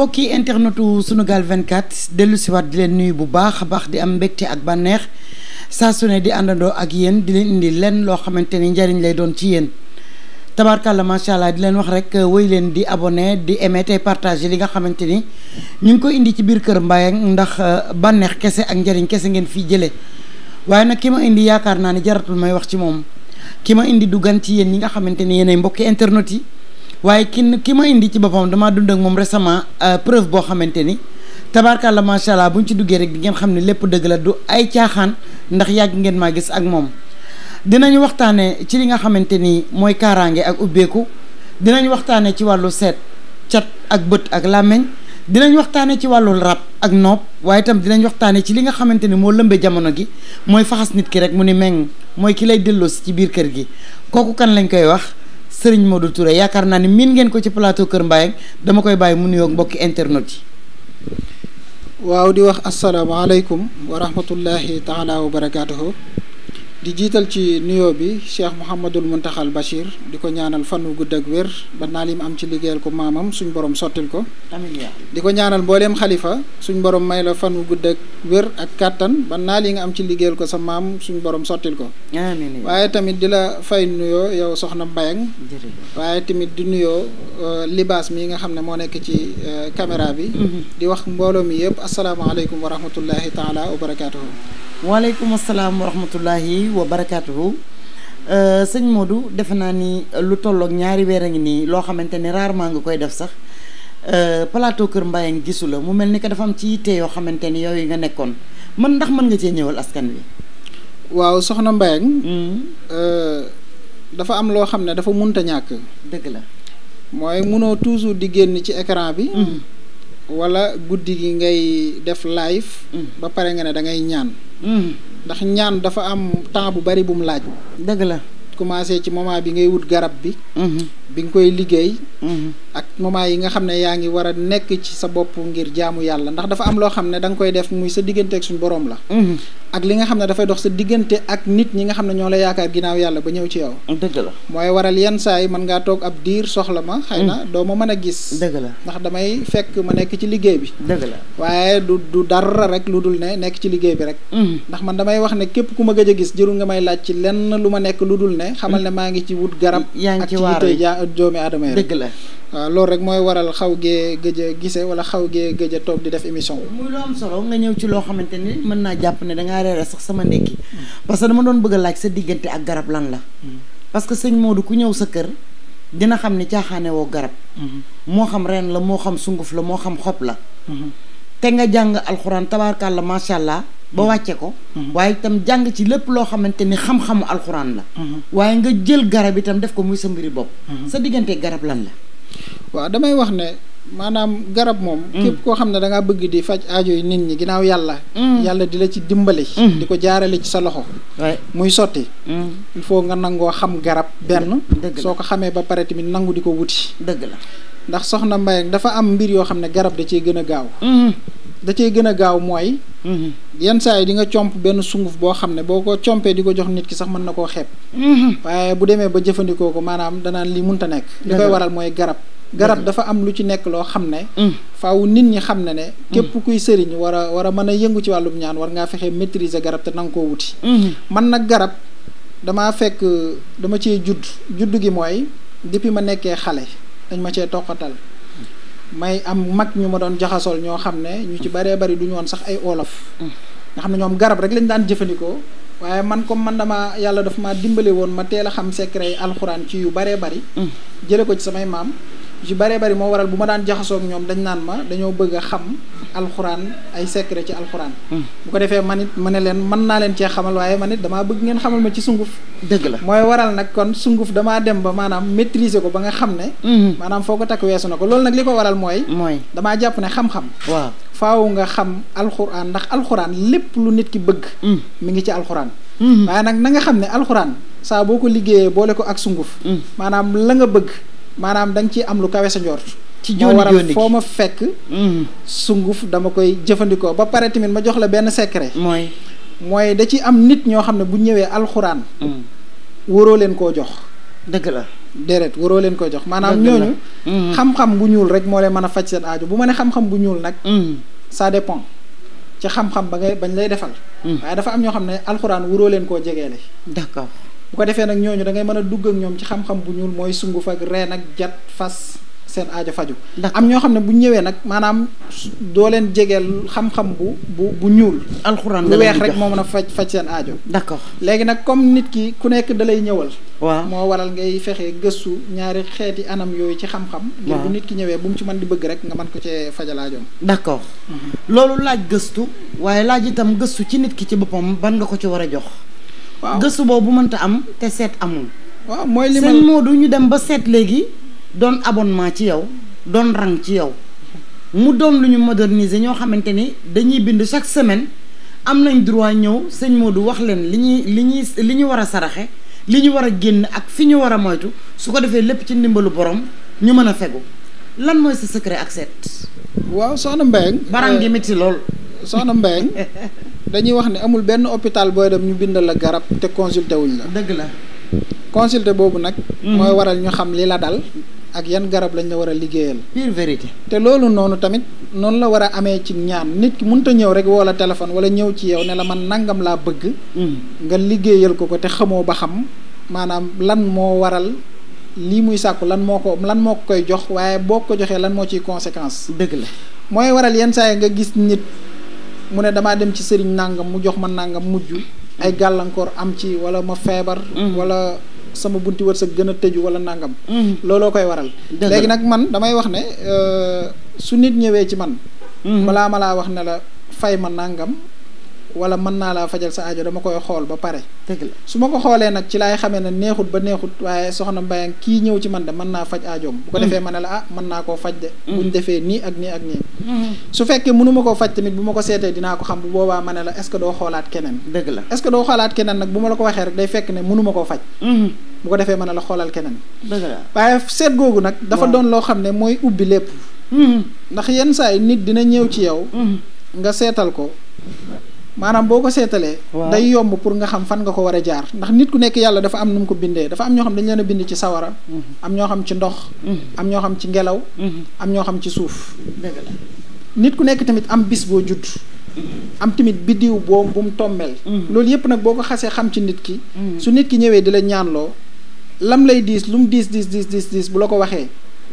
mbokki internetu vingt 24 dellu siwaat di leen nuyu bu baax a baax di am mbégte ak bànneex saa su di àndandoo ak yéen di leen indi lenn loo xamante ni njariñ lay doon ci yéen tabaarkàlla macha allah di leen wax rek wéy leen di abonné di aimé tey partagé li nga xamante ni ñu ngi koy indi ci biir kër Mbaye ndax euh, bànneex kese ak njariñ kese ngeen fii jëlee waaye nag ki ma indi yaakaar naa ne jaratul may wax ci moom ki ma indi du gan ci yéen ñi nga xamante ni yéenay mbokki internet yi waaye ki ki ma indi ci boppam damaa dund ak moom récemment euh, preuve boo xamante ni tabaarkàlla macha allah bu ñu ci duggee rek di ngeen xam ne lépp dëgg la du ay caaxaan ndax yàgg ngeen maa gis ak moom. dinañu waxtaanee ci li nga xamante ni mooy kaaraange ak ubbeeku dinañ waxtaanee ci wàllu seet cat ak bët ak làmmiñ dinañ waxtaanee ci wàllu rab ak noob waaye itam dinañ waxtaanee ci li nga xamante ni moo lëmbee jamono gi mooy faxas nit ki rek mu ni meng mooy ki lay delloosi ci biir kër gi kooku kan lañ koy wax. moo Modou ture yaakaar naa ne miin ngeen ko ci plateau Kër Mbaye dama koy bàyyi mu nuyoo mbokki internet yi. waaw di wax asalaamaaleykum wa rahmatullahi taala wa barakaatuhu. di jiital ci nuyoo bi cheikh Mouhamadul Muntaxal Bachir di ko ñaanal fan wu gudd ak wér ba naa lim am ci liggéeyal ko maamam suñ borom sottil ko. amiin di ko ñaanal mbooleem xalifa suñ borom may la fan wu gudd ak wér ak kàttan ba naa li nga am ci liggéeyal ko sa maam suñ borom sottil ko. amiin waaye tamit di la fay nuyoo yow soxna Mbayang waaye tamit di nuyoo euh, libaas mi nga xam ne moo nekk ci euh, caméra bi. Mhm. di wax mbooloo mi yëpp asalaamaaleykum wa rahmatullahi taala wa barakaatuhu. waaleykum asalaam wa rahmatullahi wa barakaatuhu euh, sëñ Modou defe naa ni lu tolloog ñaari weer a ngi nii loo xamante ni rarement nga koy def sax euh, palaato Kër Mbayang gisu la mu mel ni que dafa am ci yitte yoo xamante ni yooyu nga nekkoon man ndax cee ñëwal askan wi. waaw soxna Mbayang hmm. euh, am loo xam ne dafa munta ñàkk. dëgg la. mooy munoo toujours di génn ci écran bi. Hmm. wala guddi gi ngay def live. Hmm. ba pare nga ne dangay ñaan. ndax ñaan dafa am temps bu bari bu mu laaj. dëgg la commencé ci moment bi ngay wut garab bi. Mhm. bi nga koy liggéey. Mm-hmm. ak moment yi nga xam ne yaa ngi war a nekk ci sa bopp ngir jaamu yàlla ndax dafa am loo xam ne da nga koy def muy sa diggante ak suñu borom la. Mm-hmm. ak li nga xam ne dafay dox sa diggante ak nit ñi nga xam ne ñoo la yaakaar ginnaaw yàlla ba ñëw ci yow. dëgg la mooy waral yenn saa yi mën ngaa toog ab diir soxla ma. xëy na mm-hmm. doo ma mën a gis. la ndax damay fekk ma nekk ci liggéey bi. dëgg la waaye du du dara rek lu dul ne nekk ci liggéey bi rek. ndax man damay wax ne képp ku ma gëj a gis jërul nga may laaj ci lenn lu ma nekk lu dul ne doomi aadama yi dëgg la waaw loolu rek mooy waral xaw gee gëj a gise wala xaw gee gëj a toog di def émission muy lu am solo nga ñëw ci loo xamante ni mën naa jàpp ne dangaa reere sax sama ndekki parce que dama doon bëgg laaj sa diggante ak garab lan la hmm. parce que sëñ du ku ñëw sa kër dina xam ni caaxaane woo garab hmm. moo xam reen la moo xam sunguf la moo xam xob la hmm. te nga jàng alxuraan tabaarkàlla macha allah. ba mm-hmm. wàcce ko. Mm-hmm. waaye itam jàng ci lépp loo xamante ni xam-xamu alxuraan la. Mm-hmm. waaye nga jël garab itam def ko muy sa mbiri bopp. sa diggante garab lan la. waaw damay wax ne maanaam garab moom. Mm. képp koo xam ne da bëgg di faj aajo yi nit ñi ginnaaw yàlla. Mm. yàlla di la ci dimbali. Mm. di ko jaarale ci sa loxo. muy sotti. il faut nga nangoo xam garab benn. soo ko xamee ba pare tamit nangu di ko wuti. dëgg la. ndax soxna mbay dafa am mbir yoo xam ne garab da cee gën a gaaw. Mhm. da cee gën a gaaw mooy. Mhm. yenn saa yi di nga comp benn sunguf boo xam ne boo ko compee di ko jox nit ki sax mën na koo xeeb. Mhm. waaye bu demee ba jëfandikoo ko maanaam danaa lii li munta nekk. li koy waral mooy garab. garab dafa am lu ci nekk loo xam ne. faaw nit ñi xam ne ne. képp kuy sëriñ war a war a mën a yëngu ci wàllum ñaan war ngaa fexe maîtriser garab te nanga koo wuti. man nag garab dama fekk dama cee judd judd gi mooy depuis ma nekkee xale. dañ ma cee toqatal may am mag ñu ma doon jaxasool ñoo xam ne ñu ci baree bari du ñu woon sax ay olof mm. nga xam ne ñoom garab rek lañu daan jëfandikoo waaye man comme man dama yàlla dafa ma dimbale woon ma teel a xam secret yi alxuraan ci yu baree bari mm. jële ko ci samay maam ju baree bari moo waral bu ma daan jaxasoog ñoom dañ naan ma dañoo bëgg a xam alxuraan ay secret ci alxuraan hmm. bu ko defee ma it ma ne leen man naa leen cee xamal waaye ma it damaa bëgg ngeen xamal ma ci sunguf dëgg la mooy waral nag kon sunguf damaa dem ba maanaam maîtriser ko ba nga xam ne hmm. maanaam foo ko takk weesu na ko loolu nag li ko waral mooy mooy damaa jàpp ne xam-xam waaw faaw nga xam alxuraan ndax alxuraan lépp lu nit ki bëgg mu hmm. ngi ci alxuraan waaye na nga xam ne alxuraan saa boo ko liggéeyee boole ko ak sunguf maanaam la nga bëgg maanaam da nga ciy am lu kawe sa njort ci jooni jooni foo ma fekk mm. sunguf dama koy jëfandikoo ba pare tamit ma jox la benn secret mooy mooy da ci am nit ñoo xam ne bu ñëwee alxuraan mm. waroo leen koo jox dëgg la déedéet waroo leen koy jox maanaam ñooñu mm. xam-xam bu ñuul rek moo leen mën a faj seen aajo bu ma ne xam-xam bu ñuul nag ça dépend ci xam-xam ba ngay bañ lay defal waaye dafa am ñoo xam ne alxuraan waroo leen koo jegeele d'accord bu ko defee nag ñooñu dangay ngay mën a dugg ñoom ci xam-xam bu ñuul mooy sungu ak reen ak jat fas seen aajo faju am ñoo xam ne bu ñëwee nag maanaam doo leen jegeel xam bu bu bu ñuul. alxuraan lu weex rek moo mën a faj faj seen aajo. d'accord léegi nag comme nit ki ku nekk da lay ñëwal. waaw moo waral ngay fexe gëstu ñaari xeeti anam yooyu ci xam-xam. nit ki ñëwee bu ci mën di bëgg rek nga mën ko cee fajal aajoom. d'accord mhm. loolu laaj gëstu waaye laaj itam gëstu ci nit ki ci boppam ban nga ko ci war a jox. waaw gëstu boobu mënta am te seet amul. waaw mooy li seen Modou ñu dem ba seet léegi doon abonnement ci yow doon rang ci yow mu doon lu ñu moderniser ñoo xamante ni dañuy bind chaque semaine am nañ droit ñëw sëñ Modou wax leen li ñuy li ñuy li ñuy war a saraxe li ñu war a génn ak fi ñu war a moytu su ko defee lépp ci ndimbalu borom ñu mën a fegu lan mooy sa secret ak seet. waaw soo soxna Mbengue. barang gi euh, métti lool. soxna Mbengue. dañuy wax ne amul benn hôpital booy dem ñu bindal la garab te consulté wuñ la. dëgg la. consulté boobu nag. Hmm. mooy waral ñu xam li la dal. ak yan garab lañ la war a liggéeyal. pure vérité. te loolu noonu tamit noonu la war a amee ci ñaan nit ki mënut a ñëw rek woo la téléphone wala ñëw ci yow ne la man nangam laa bëgg. Hmm. nga liggéeyal ko ko te xamoo ba xam maanaam lan moo waral lii muy sàkku lan moo ko lan moo ko koy jox waaye boo ko joxee lan moo ciy conséquence. dëgg mooy waral yenn saa mu ne damaa dem ci sëriñ nàngam mu jox ma nàngam mujj ay gàllankoor am ci wala ma feebar mhm. wala sama bunti wërsëg gën a tëju wala nàngam mhm. looloo koy waral léegi nag man damay wax ne euh, su nit ñëwee ci man malaa mhm. malaa wax ne la fay ma nàngam wala mën naa laa fajal sa aajo dama koy xool ba pare dëgg la su ma ko xoolee nag ci laay xamee ne neexut ba neexut waaye soxna Mbayang kii ñëw ci man de man naa faj aajoom bu ko mm. defee ma ne la ah mën naa koo faj de mm. buñ defee ak nii ak nii mm. su fekkee mënu koo faj tamit bu ma ko seetee dinaa ko xam bu boobaa ma ne la est ce que doo xoolaat keneen la est ce que doo xoolaat keneen nag bu ma la ko waxee rek day fekk ne mënu ma koo faj bu ko defee mën a la xoolal keneen dëgg waaye seet googu nag dafa doon loo xam ne mooy ubbi lépp ndax yenn saa yi nit dina ñëw ci yow nga seetal ko maanaam boo ko seetalee day yomb pour nga xam fan nga ko war a jaar ndax nit ku nekk yàlla dafa am nu mu ko bindee dafa am ñoo xam dañ leen a bind ci sawara mm-hmm. am ñoo xam ci ndox mm-hmm. am ñoo xam ci ngelaw mm-hmm. am ñoo xam ci suuf nit ku nekk tamit am bis boo judd am tamit biddiw boo bu mu tombeel loolu yépp nag boo ko xasee xam ci nit ki su nit ki ñëwee di la ñaan loo lam lay diis lu mu diis diis diis diis diis bu la ko waxee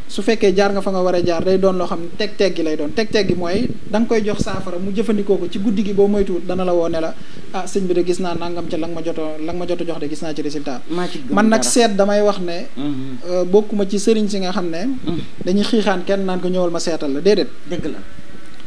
su fekkee jaar nga fa nga war jaar day doon loo xam ne teg-teg gi lay doon teg-teg gi mooy da koy jox saafara mu jëfandikoo ko ci guddi gi boo moytuwul dana la woo ne la ah sëñ bi de gis naa nangam ca la nga ma joto la nga ma joto jox de gis naa ci résultat man nag seet damay wax ne mm-hmm. euh, bokkuma ci sëriñ si nga xam ne mm-hmm. dañuy xiixaan kenn naan ko ñëwal ma seetal la déedéet dëgg la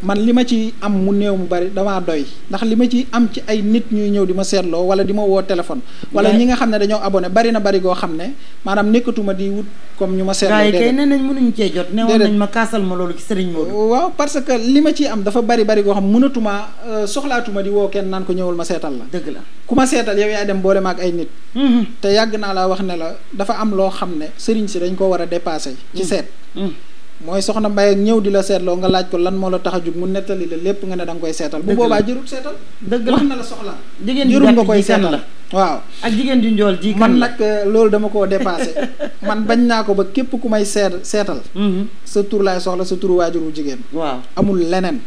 man li ma ci am mu néew mu bari damaa doy ndax li ma ci am ci ay nit ñuy ñëw di ma seetloo wala di ma woo téléphone wala ñi nga xam ne dañoo abonné bari na bari goo xam ne maanaam nekkatuma di wut comme ñu ma seetloo gars yi nee nañ mënuñ cee jot newoon nañ ma kaasal ma loolu ci sëriñ Modou waaw que li ma ciy am dafa bari bari goo xam mënatuma euh, soxlaatuma di woo kenn naan ko ñëwul ma seetal la dëgg la ku ma seetal yow yaay dem boole ma ak ay nit mm-hmm. te yàgg naa laa wax ne la dafa am loo xam ne sëriñ si dañ ko war a dépassé ci mm. seet mm. mooy soxna Mbaye ak ñëw di la seetloo nga laaj ko lan moo la tax a jug mu nettali la lépp nga ne da nga koy seetal bu boobaa jërul seetal la wax na la soxla jigéen koy seetal la waaw ak jigéen ju njool ji man nag euh, loolu dama koo dépassé man bañ naa ko ba képp ku may seet seetal mhm. sa tur laay soxla sa tur waajuru jigéen waaw amul leneen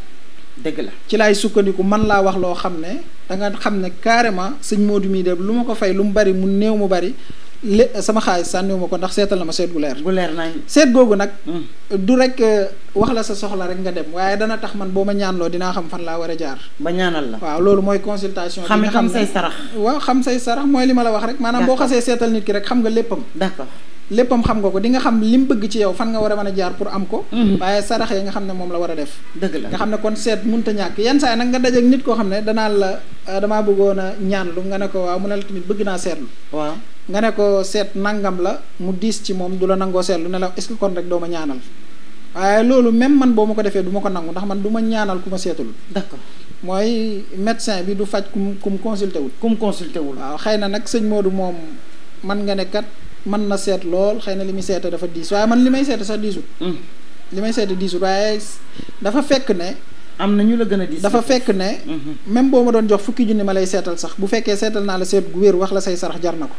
dëgg la ci laay sukkandiku man laa wax loo xam ne da xam ne carrément sëñ Modou mii de lu ma ko fay lu mu bari mu néew mu bari lépp sama xaalis sànniwuma ko ndax seetal na ma seet gu leer. gu leer nañ seet googu nag. Hmm. du rek euh, wax la sa soxla rek nga dem waaye dana tax man boo ma ñaanloo dinaa xam fan laa war a jaar. ñaanal la waaw loolu mooy consultation. xam xam say sarax. waaw xam say sarax mooy li ma la wax rek. maanaam boo xasee seetal nit ki rek xam nga léppam. d'accord léppam xam nga ko di nga xam li mu bëgg ci yow fan nga war a mën a jaar pour am ko. Hmm. waaye sarax yi nga xam ne moom la war a def. dëgg la nga xam ne kon seet mun ta ñàkk yenn saa yi nag nga dajeeg nit koo xam ne danaa la euh, damaa bëggoon a ñaanlu nga ne ko waaw mu ne la tamit bëgg naa seetlu waaw nga ne ko seet nangam la mu diis ci moom du la nangoo seetlu ne la est kon rek doo ma ñaanal waaye loolu même man boo ma ko defee du ma ko nangu ndax man du ma ñaanal ku ma seetul. d'accord mooy médecin bi du faj ku mu ku mu consulté wul. wul. waaw xëy na nag sëñ Modou moom man nga ne kat mën na seet lool xëy na li muy seete dafa diis waaye man li may seete sax diisut. Hmm. li may seete diisut waaye dafa fekk ne. am na ñu la gën a diis. dafa fekk ne. Hmm. même boo ma doon jox fukki junni ma lay seetal sax fekkee seetal naa la seet gu wér wax la say sarax jar na ko.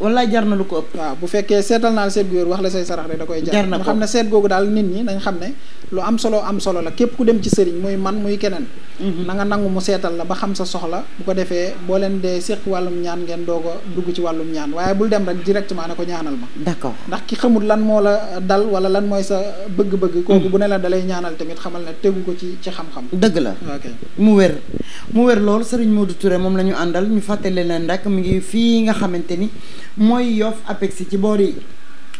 wallaay jar ko bu fekkee seetal naa la seet gu wér wax la say sarax da koy. jar na ko xam ne seet googu daal nit ñi dañ xam ne lu am solo am solo la képp ku dem ci sëriñ muy man muy keneen. Mhm. na nga nangu mu seetal la ba xam sa soxla. bu ko defee boo leen dee seq wàllum ñaan ngeen doog a dugg ci wàllum ñaan waaye bul dem rek directement ne ko ñaanal ma. d'accord ndax ki xamul lan moo la dal wala lan mooy sa bëgg-bëgg. Mhm. kooku bu ne la dalay ñaanal tamit xamal ne tegu ko ci ci xam-xam. dëgg la mu wér mu wér lool sëriñ Modou Touré moom la ñu àndal ñu fàttali leen rek mu ngi fii nga xamante ni mooy Yoff APEX ci boor yi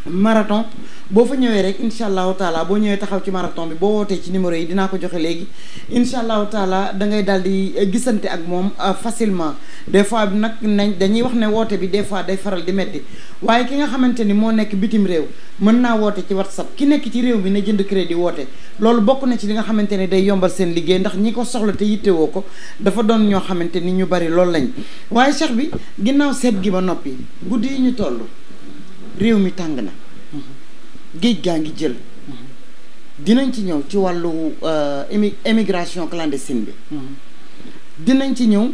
marathon boo fa ñëwee rek incha allahu taala boo ñëwee taxaw ci maraton bi boo wootee ci numéro yi dinaa ko joxe léegi incha allahu taala dangay ngay daal di eh, gisante ak moom eh, facilement des fois bi nag nañ dañuy wax ne woote bi des fois day faral di metti waaye ki nga xamante ni moo nekk bitim réew mën naa woote ci whatsapp ki nekk ci réew bi na jënd crédit woote loolu bokk na ci li nga xamante ne day yombal seen liggéey ndax ñi ko soxla te yittewoo ko dafa doon ñoo xamante ni ñu bari loolu lañ waaye cheikh bi ginnaaw seet gi ba noppi guddi ñu toll réew mi tàng na géej gaa ngi jël dinañ ci ñëw ci wàllu euh, émi émigration clandestine bi dinañ ci ñëw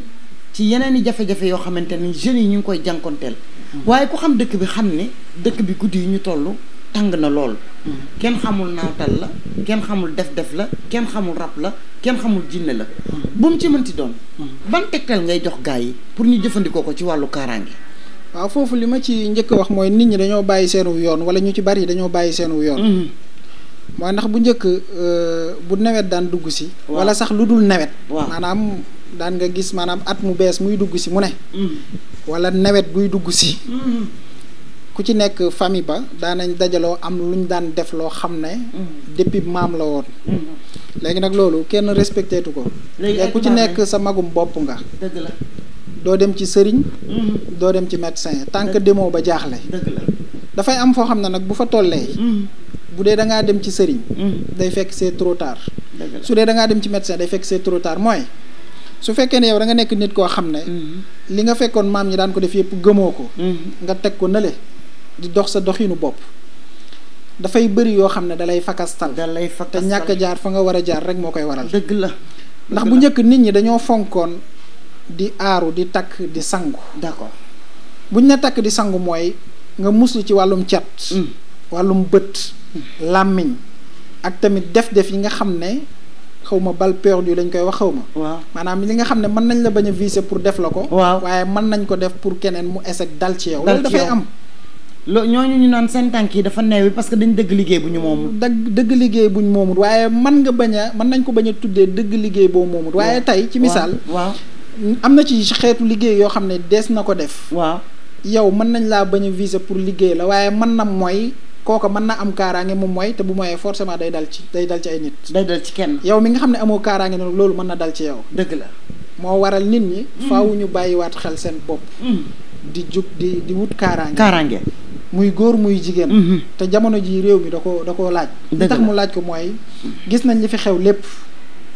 ci yeneen i jafe-jafe yoo xamante ni jeunes yi ñu ngi koy jànkonteel waaye ku xam dëkk bi xam ne dëkk bi guddi yi ñu toll tàng na lool kenn xamul naawtal la kenn xamul def-def la kenn xamul rab la kenn xamul jinne la bu mu ci mënti doon ban tegtal ngay jox gaa yi pour ñu jëfandikoo ko ci wàllu kaaraange waaw foofu li ma ci njëkk wax mooy nit ñi dañoo bàyyi seenu yoon wala ñu ci bari dañoo bàyyi seenu yoon. Mm-hmm. mooy ndax bu njëkk euh, bu nawet daan dugg si. wala sax lu dul nawet. maanaam daan nga gis maanaam at mu bees muy dugg si mu ne. Mm-hmm. wala nawet buy dugg si. Mm-hmm. ku ci nekk famille ba daanañ dajaloo am lu ñu daan def loo xam ne. depuis maam la woon. léegi nag loolu kenn respecté tu ko. léegi ku ci nekk sa magum bopp nga. dëgg la. doo dem ci sëriñ. Mm-hmm. doo dem ci médecin tant que demoo ba jaaxle. dafay am foo xam ne nag bu fa tollee. Mm-hmm. bu dee da ngaa dem ci sëriñ. Mm-hmm. day fekk c'est trop su dee da ngaa dem ci médecin day fekk c'est trop mooy su fekkee ne yow da nga nekk nit koo xam ne. li nga fekkoon maam ñi daan ko def yëpp gëmoo ko. nga teg ko nële di dox sa doxinu bopp. dafay bëri yoo xam ne dalay fakastal. dalay fakastal te ñàkk jaar fa nga war a jaar rek moo koy waral. dëgg la ndax bu njëkk nit ñi dañoo fonkoon. di aaru di takk di sangu. d'accord bu ñu ne takk di sangu mooy nga muslu ci wàllum cat. Mm. wàllum bët. Mm. làmmiñ ak tamit def-def yi nga xam ne xaw ma balle perdue lañ koy wax xaw ma. waaw maanaam li nga xam ne mën nañ la bañ a viser pour def la ko. waaw waaye mën nañ ko def pour keneen mu échec dal ci yow. dal ci yow loolu dafay am. loo ñooñu ñu naan seen tànk yi dafa neewi parce que dañ dëgg liggéey bu ñu moomul. dëgg dëgg liggéey bu ñu moomul waaye mën nga bañ a mën nañ ko bañ a tuddee dëgg liggéey boo moomul. waaye tey ci misaal. waaw am na ci xeetu liggéey yoo xam ne dees na ko def. waaw yow mën nañ laa bañ a pour liggéey la waaye mën na mooy kooka mën na am kaaraange moom mooy te bu mooyee forcément day dal ci day dal ci ay nit. day dal ci kenn. yow mi nga xam ne amoo kaaraange noonu loolu mën na dal ci yaw dëgg la moo waral nit ñi. Mm. faaw ñu bàyyi waat xel seen bopp. Mm. di jug di di wut kaaraange. kaaraange. muy góor muy jigéen. Mm-hmm. te jamono ji réew mi da ko da koo laaj. li tax mu laaj ko mooy gis nañ li fi xew lépp.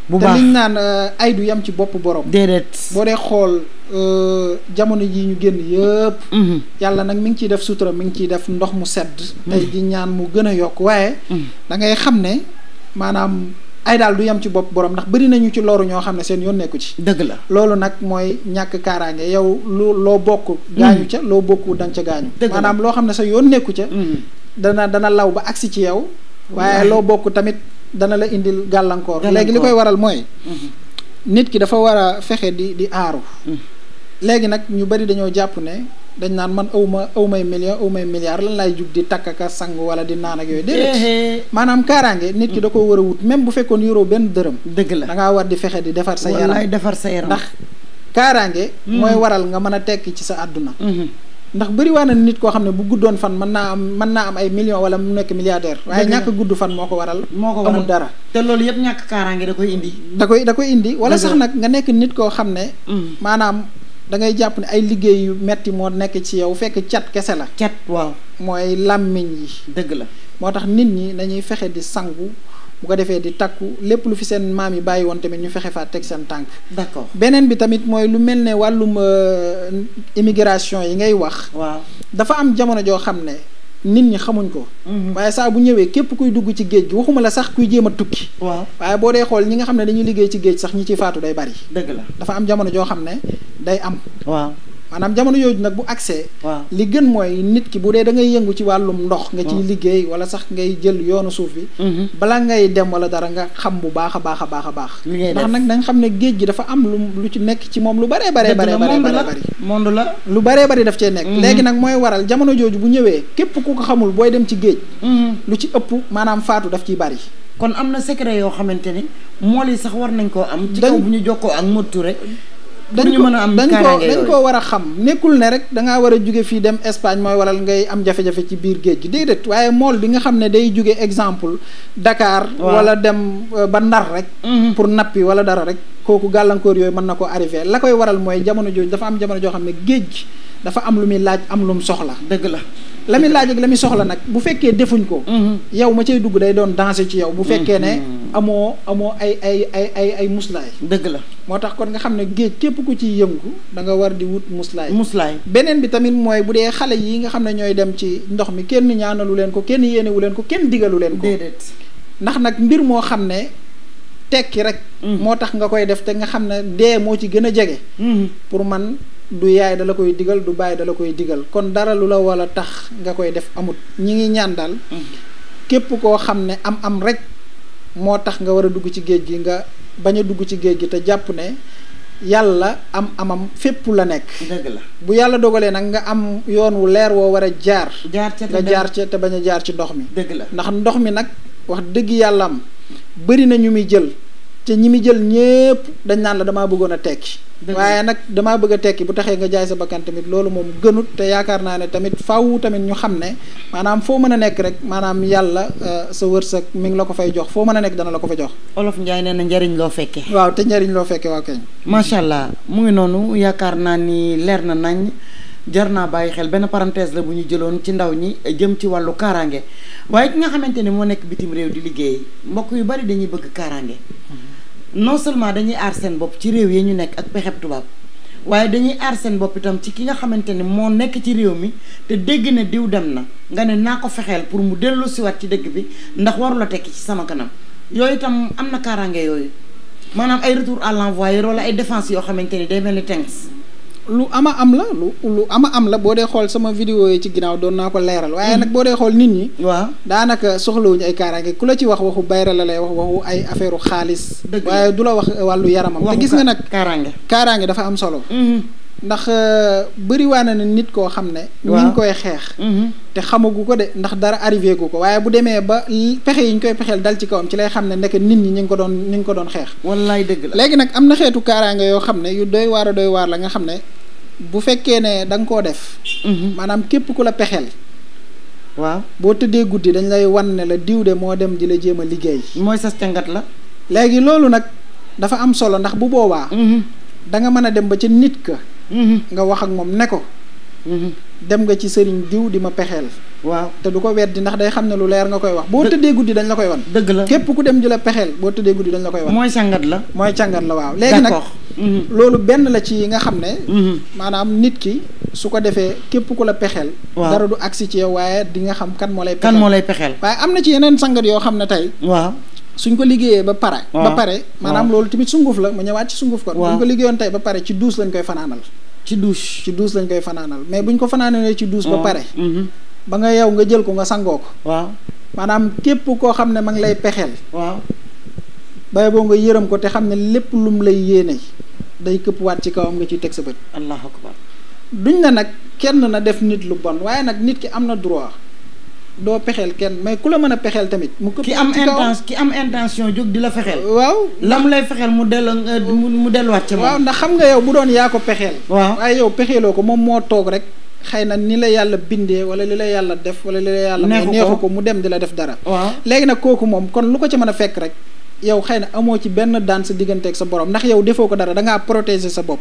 bu te liñ naan euh, ay du yam ci bopp boroom déedéet boo dee xool euh, jamono ji ñu génn yëpp. Mhm. yàlla nag mi ngi ciy def sutura mi ngi ciy def ndox mu sedd. Mhm. tey ji ñaan mu gën a yokk waaye. Mhm. da ngay xam ne maanaam. ay daal du yem ci bopp borom ndax bari nañu ci loru ñoo xam ne seen yoon nekku ci. dëgg la loolu nag mooy ñàkk kaaraange yow lu loo bokk. gaañu ca loo bokku dañ nga ca gaañu. maanaam loo xam ne sa yoon nekku ca. dana dana law ba agsi ci yow. waaye loo bokk tamit. dana la indil gàllankoor léegi li koy waral mooy mhm. nit ki dafa war a fexe di di aaru mhm. léegi nag ñu bari dañoo jàpp ne dañ naan man aw ma aw may million aw may milliard lan laay jug di takk ak sang wala di naan ak yooyu déedéet eh, eh. maanaam kaaraange nit ki da ko war a wut même bu fekkoon yoroo benn dërëm dëgg la da war di fexe di defar sa yaram wallaay defar sa yaram ndax kaaraange mhm. mooy waral nga mën a tekk ci sa àdduna ndax bëri waa na nit koo xam ne bu guddoon fan mën naa am mën naa am ay million wala mu nekk milliardaire waaye ñàkk gudd fan moo ko waral moo ko amul dara te loolu yëpp ñàkk kaaraange da koy indi da koy da koy indi wala sax nag nga nekk nit koo xam ne mm. maanaam da ngay jàpp ne ay liggéey yu metti moo nekk ci yow fekk cat kese la cat waaw mooy làmmiñ yi dëgg la moo tax nit ñi dañuy fexe di sangu bu ko defee di takku lépp lu fi seen maam yi bàyyi woon tamit ñu fexe faa teg seen tànk. beneen bi tamit mooy lu mel ne wàllum euh, immigration yi ngay wax. waaw dafa am jamono joo xam ne nit ñi xamuñ ko. Mhm. waaye saa bu ñëwee képp kuy dugg ci géej gi waxuma la sax kuy jéem a tukki. waaw waaye boo dee xool ñi nga xam ne dañuy liggéey ci géej sax ñi ciy faatu day bari. dëgg la dafa am jamono joo xam ne day am. maanaam jamono yooyu nag bu accès waaw li gën mooy nit ki bu dee da ngay yëngu ci wàllum ndox nga ci liggéey wala sax ngay jël yoonu suuf bi mm-hmm. bala ngay dem wala dara nga xam bu baax a baax a baax a baax ndax nag da xam ne géej gi am lu lu ci nekk ci moom lu baree baree baree baree bari monde la lu baree bari daf cee nekk mm-hmm. léegi nag mooy waral jamono jooju bu ñëwee képp ku ko xamul booy dem ci géej mm-hmm. lu ci ëpp maanaam faatu daf ci bari kon am na secret yoo xamante ni mool yi sax war nañ koo am ci kaw bu ñu jokkoo ak Modou dañ ko dañ ko dañ koo war a xam nekkul ne rek dangaa war a juge fii dem Espagne mooy waral ngay am jafe-jafe ci biir géej gi déedéet waaye mool bi nga xam ne day jóge exemple dakaar walla dem euh, ba Ndar rek mhm. pour nappi wala dara rek kooku gàllankoor yooyu mën na ko arrivé la koy waral mooy jamono jooju dafa am jamono joo xam ne géej gi dafa am lu muy laaj am lu soxla dëgg la la muy laaj ak la muy soxla nag bu fekkee defuñ ko mm-hmm. yow ma cay dugg day doon danger ci yow bu mm-hmm. fekkee ne amoo amoo ay ay ay ay ay muslaay dëgg la moo tax kon nga xam ne géej képp ku ciy yëngu da nga war di wut muslaay muslaay beneen bi tamit mooy bu dee xale yi nga xam ne ñooy dem ci ndox mi kenn ñaanalu leen ko kenn yéenewu leen ko kenn digalu leen ko déedéet ndax nag mbir moo xam ne tekki rek mm-hmm. moo tax nga koy def te nga xam ne dee moo ci gën a jege pour man du yaay dala koy digal du bàyyi dala koy digal kon dara lu la wala tax nga koy def amut ñi ngi ñaan daal mm-hmm. képp koo xam ne am am rek moo tax nga war a dugg ci géej gi nga bañ a dugg ci géej gi te jàpp ne yàlla am amam fépp la nekk dëgg bu yàlla dogalee nag nga am yoon wu leer woo war a jaar nga jaar ca te bañ a jaar ci ndox mi dëgg la ndax ndox mi nag wax dëgg yàlla am na ñu muy jël te ñi mi jël ñépp dañ naan la damaa bëggoon a tekki waaye nag damaa bëgg a tekki bu taxee nga jaay sa bakkan tamit loolu moom gënut te yaakaar naa ne tamit faw tamit ñu xam ne maanaam foo mën a nekk rek maanaam yàlla euh, sa wërsëg mi ngi la ko fay jox foo mën a nekk dana la ko fa jox olof Njaay nee na njariñ loo fekkee waaw njariñ loo fekkee waaw macha allah mu ngi noonu yaakaar naa ni leer na nañ jar naa bàyyi xel benn parenthèse la bu ñu jëloon ci ndaw ñi eh, jëm ci wàllu kaaraange waaye ki nga xamante ne moo nekk bitim réew di liggéey mbokk yu bari dañuy bëgg kaaraange hmm. non seulement dañuy aar seen bopp ci réew yi ñu nekk ak pexeb tubaab waaye dañuy aar seen bopp itam ci ki nga xamante ne moo nekk ci réew mi te dégg ne diw dem na nga ne naa ko fexeel pour mu dellu siwaat ci dëkk bi ndax warula tekki ci sama kanam yooyu itam am na kaaraange yooyu maanaam ay retour à l'envoyeur wala ay défense yoo xamante ni day mel ni tens lu ama am la lu lu ama am la boo dee xool sama vidéo yi ci ginnaaw doon naa ko leeral waaye nag boo dee xool nit ñi waaw daanaka soxlawuñu ay kaaraange ku la ci wax waxu bayra la lay wax waxu ay affaire xaalis waaye du la wax wàllu yaramam te gis nga nag kaaraange kaaraange dafa am solo mm-hmm. ndax bari euh, bëriwaane na nit koo xam ne ñu ngi koy xeex mm-hmm. te xamagu ko de ndax dara arrivé gu ko waaye bu demee ba pexe yi ñu koy pexeel dal ci kawam ci lay xam ne nekk nit ñi ñu ngi ko doon ñu ngi ko doon xeex wallaay dëgg la léegi nag am na xeetu yoo xam ne yu waar a doy la nga xam ne bu fekkee ne da nga koo def. Mhm. maanaam képp ku la pexeel. waaw boo tëddee guddi dañ lay wan ne la diw de moo dem di la jéem a liggéey. mooy sas cangat la. léegi loolu nag dafa am solo ndax bu boobaa. Mhm. da nga mën a dem ba ca nit ka. Mhm. nga wax ak moom ne ko. dem nga ci sëriñ diw di ma pexeel waaw te du ko di ndax day xam ne lu leer nga koy wax boo tëddee guddi dañ la koy wan dëgg la képp ku dem di la pexeel boo tëddee guddi dañ la koy wan mooy càngat la mooy càngat la waaw léegi nag mm-hmm. loolu benn la ci nga xam ne mm-hmm. maanaam nit ki su ko defee képp ku la pexeel dara du agsi ci yow waaye di nga xam kan moo lay kan moo lay pexeel waaye am na ci yeneen sangat yoo xam ne tey waaw suñ ko liggéeyee ba pare ba pare maanaam loolu tamit sunguf la ma ñëwaat ci sunguf kon suñ ko tey ba pare ci duus lañ koy fanaanal ci douche ci douche lañ koy fanaanal mais buñ ko fanaanalee ci douche. ba oh. pare. Mm-hmm. ba nga yow nga jël ko nga sangoo ko. waaw maanaam képp koo xam ne ma lay pexeel. waaw bay boo nga yërëm ko te xam ne lépp lum lay yéene day këpp waat ci kawam nga ciy teg sa bët. allahu akbar duñ na nag kenn na def nit lu bon waaye nag nit ki am na droit. doo pexeel kenn mais ku la mën a pexeel tamit. mu këpp ki am intention ki am intention jóg di la fexeel. waaw la mu lay fexeel mu dellu mu delluwaat ci moom. waaw ndax xam nga yow bu doon yaa ko pexeel. waaw waaye yow pexeeloo ko moom moo toog rek. xëy na ni la yàlla bindee wala li la yàlla def wala li la yàlla. neexu neexu ko mu dem di la def dara. waaw léegi nag kooku moom kon lu ko ci mën a fekk rek. yow xëy na amoo ci benn daan sa digganteeg sa borom ndax yow defoo ko dara dangaa ngaa protéger sa bopp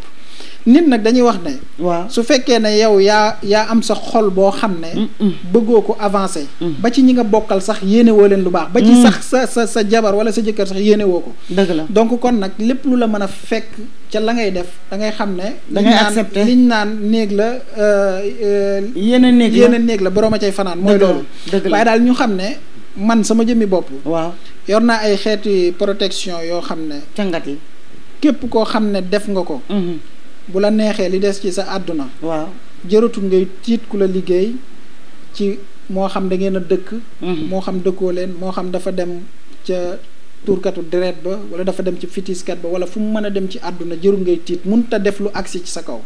nit nag dañuy wax ne. waaw su fekkee ne yow yaa yaa am sa xol boo xam ne. Mm, mm. bëggoo ko avancer. Mm. ba ci ñi nga bokkal sax yéene woo leen lu baax. ba ci sax sa sa sa jabar wala sa jëkkër sax yéene woo ko. dëgg la donc kon nag lépp lu la mën a fekk ca la ngay def da ngay xam ne. da ngay accepter liñ naan néeg la. Euh, euh, yéen a néeg la néeg la borom a cay fanaan. mooy loolu waaye daal ñu xam ne. man sama jëmmi bopp. waaw yor naa ay xeeti protection yoo xam ne. càngat yi. képp koo xam ne def nga ko. Mhm. bu la neexee li des ci sa àdduna. waaw jëratul ngay tiit ku la liggéey ci moo xam da ngeen dëkk. Mhm. moo xam dëkkoo leen moo xam dafa dem ca. tuurkatu deret ba wala dafa dem ci fitiskat ba wala fu mu mën a dem ci àdduna jëru ngay tiit mun ta def lu agsi ci sa kaw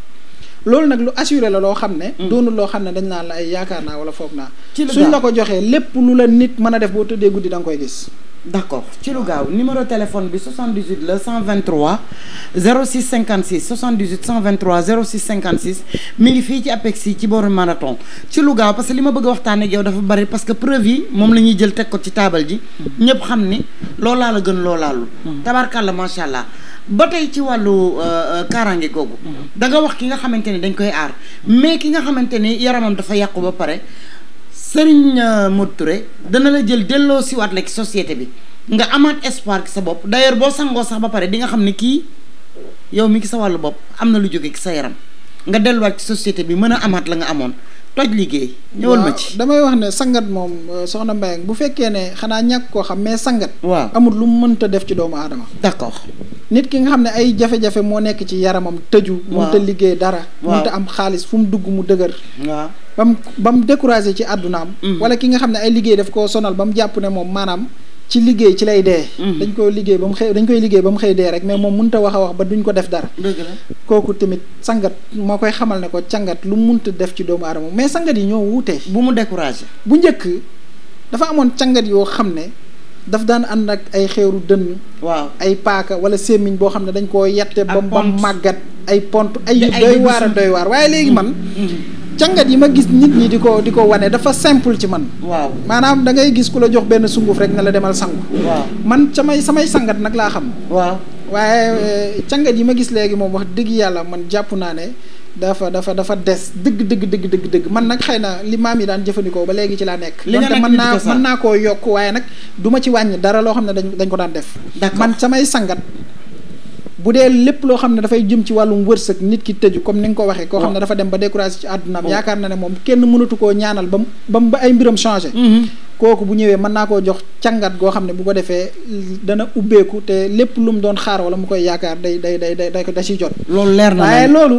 loolu nag lu assuré la loo xam ne. Mm. doonul loo xam ne dañ naan la ay yaakaar na wala foog naa. su suñ la ko joxee lépp lu la nit mën a def boo tëddee guddi da nga koy gis. d'accord ci lu gaaw numéro téléphone bi 78 la 123 06 56 78 123 06 56 mi ngi fii ci APEX yi ci booru marathon ci lu gaaw parce li ma bëgg a waxtaan ak yow dafa bari parce que preuve yi moom la ñuy jël teg ko ci taabal ji ñëpp xam ni loolaa la gën loolaalul tabarkàlla macha allah ba tey ci wàllu euh, euh, kaaraange googu mhm. da nga wax ki nga xamante ni dañ koy aar mais ki nga xamante ni yaramam dafa yàqu ba pare Serigne Modou Touré dana la jël delloo siwaat la ci société bi nga amaat espoir ki sa bopp d'ailleurs boo sangoo sax ba pare di nga xam ne kii yow mi ki sa wàllu bopp am na lu jóge ki sa yaram nga delluwaat ci société bi mën a amaat langa amoon toj liggéey. ñëwal ma ci damay wax ne sangat moom euh, soxna Mbayang bu fekkee ne xanaa ñàkk koo xam mais sangat. waaw amul lu mu mënta def ci doomu aadama. d'accord nit ki nga xam ne ay jafe-jafe moo nekk ci yaramam tëju. waaw mënta liggéey dara. waaw mënta am xaalis fu mu dugg mu dëgër. waaw ba mu ba mu découragé ci àddunaam. Mm. wala ki nga xam ne ay liggéey daf ko sonal ba mu jàpp ne moom maanaam. ci liggéey ci lay dee. Mm-hmm. dañ koo liggéey ba mu xëy dañ koy liggéey ba mu xëy dee rek mais moom mënut a wax a wax ba duñ ko def dara. dëgg la kooku tamit sangat moo koy xamal ne ko cangat lu mu def ci doomu aadama mais sangat yi ñoo wutee bu mu bu njëkk dafa amoon cangat yoo xam ne daf daan ànd ak ay xeeru dënn. waaw ay paaka wala sémmiñ boo xam ne dañ koo yette. ba ba màggat ay pont ay. doy waar a doy waar waaye léegi man. Mm-hmm. jàngat yi ma gis nit ñi di ko di ko wane dafa simple ci man. waaw maanaam da ngay gis ku la jox benn sunguf rek na la demal sangu. waaw man samay samay sangat nag laa xam. waaw waaye cangat eh, yi ma gis léegi moom wax dëgg yàlla man jàpp naa ne. dafa dafa dafa des dëgg dëgg dëgg dëgg dëgg man nag xëy na li maam yi daan jëfandikoo ba léegi ci laa nekk. li mën naa mën naa koo yokk waaye nag duma ci wàññi dara loo xam ne dañ dañ ko daan def. man samay sangat. bu dee lépp loo xam ne dafay jëm ci wàllum wërsëg nit ki tëju comme ni nga ko waxee koo xam ne oh. dafa dem ba découragé ci àddunaam oh. yaakaar na ne moom kenn mënatu koo ñaanal ba mu ba ay mbiram changé mm-hmm. kooku bu ñëwee mën naa koo jox càngat goo xam ne bu ko defee dana ubbeeku te lépp lu mu doon xaar wala mu koy yaakaar day day day day day ko da jot loolu leer na waaye loolu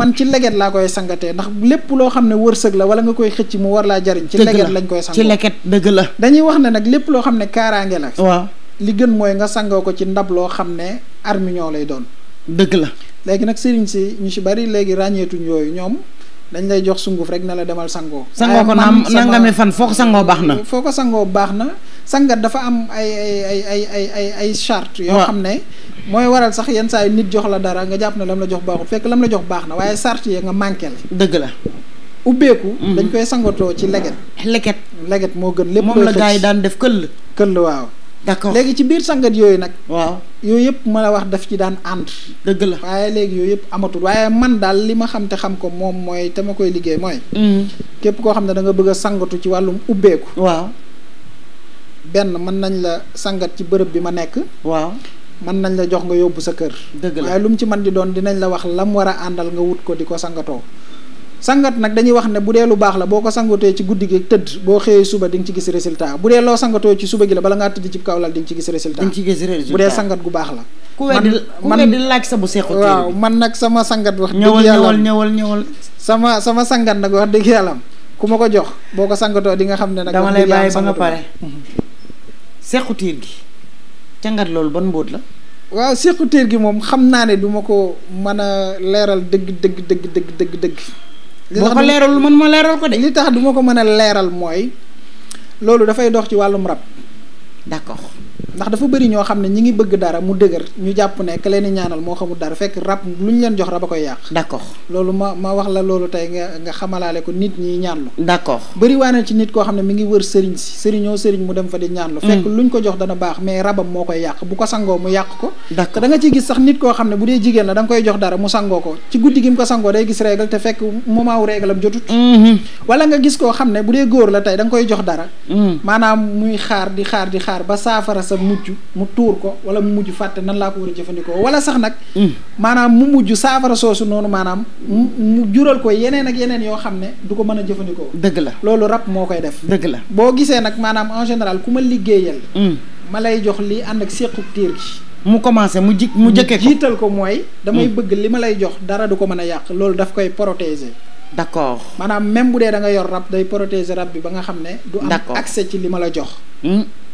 man ci leget laa koy sangatee ndax lépp loo xam ne wërsëg la wala nga koy xëcc mu war laa jariñ ci leget lañ koy sang ci leget dëgg la dañuy wax ne nag lépp loo xam ne kaaraange la waaw li gën mooy nga sangoo ko ci ndab loo xam ne armiñoo lay doon. dëgg la léegi nag sëriñ si ñu si bari léegi ràññeetuñ yooyu ñoom dañ lay jox sunguf rek na la demal sangoo. sangoo ko naam nangami fan foo ko baax na. foo ko sangoo baax na sangat dafa am ay ay ay ay ay ay charte. yoo xam ne mooy waral sax yenn saa yi nit jox la dara nga jàpp ne lam la jox baaxul fekk lam la jox baax na waaye charte yee nga manqué la. dëgg la. ubbeeku. Mm-hmm. dañ koy sangatoo ci leget. leget leget moo gën. lépp moom la gaa yi daan def këll. këll waaw. d'accord léegi ci biir sangat yooyu nag. waaw yooyu yëpp ma la wax daf ci daan ànd. dëgg la waaye léegi yooyu yëpp amatul waaye man daal li ma xam te xam ko moom mooy te ma koy liggéey mooy. Mm. képp koo xam ne danga bëgg a sangatu ci wàllum ubbeeku. waaw benn mën nañ la sangat ci bërëb bi ma nekk. waaw. mën nañ la jox nga yóbbu sa kër. dëgg la waaye lu mu ci man di doon dinañ la wax lam war a àndal nga wut ko di ko sangatoo. sangat nag dañuy wax ne bu dee lu baax la boo ko sangatee ci guddi gi tëdd boo xëyee suba di nga ci gis résultat bu dee loo sangatoo ci suba gi la bala ngaa tëdd ci kaw lal di nga ci gis résultat bu dee sangat gu baax la ku weddi ku weddi laaj sa bu seexu waaw man nag sama sangat wax dëgg yàlla ñëwal ñëwal ñëwal sama sama sangat nag dëgg yàlla ku ma ko jox boo ko sangatoo di nga xam ne nag dama lay bàyyi ba nga pare seexu tiir gi cangat loolu ban mbóot la waaw seexu tiir gi moom xam naa ne du ma ko mën a leeral dëgg dëgg dëgg dëgg dëgg dëgg boo ko leeralul man ma leeral ko de. li tax du ko mën a leeral mooy loolu dafay dox ci wàllum rab. d'accord. ndax dafa bëri ñoo xam ne ñi ngi bëgg dara mu dëgër ñu jàpp ne ka leen ñaanal moo xamul dara fekk rab lu ñu leen jox rab a koy yàq d'accord loolu ma ma wax la loolu tey nga nga xamalaale ko nit ñi ñaanlu d'accord bëri waane ci nit koo xam ne mi ngi wër sëriñ si sëriñoo sëriñ mu dem fa di ñaanlu mm. fekk luñ ko jox dana baax mais rabam moo koy yàq bu ko sangoo mu yàq ko d'accord da nga ciy gis sax nit koo xam ne bu dee jigéen la da nga koy jox dara mu sangoo ko ci guddi gi mu ko sangoo mm-hmm. koo xam ne bu dee góor la tey da nga koy jox dara mm. maanaam muy xaar di xaar di xaar ba saafara sa mujj mu tuur ko wala mu mujj fàtte nan laa ko war a jëfandikoo wala sax nag mm. maanaam mu mujj saafara soosu noonu maanaam mu jural ko yeneen ak yeneen yoo xam ne du ko mën a jëfandikoo dëgg la loolu rab moo koy def dëgg la boo gisee nag maanaam général ku ma liggéeyal mm. ma lay jox lii ànd ak séqub tiir gi mu commencé mu ji mu jëkkee ko jiital ko mooy damay mm. bëgg li ma lay jox dara du ko mën a yàq loolu daf koy protéger d'accord maanaam même bu dee da nga yor rab day protéger rab bi ba nga xam ne du am accès ci li ma la jox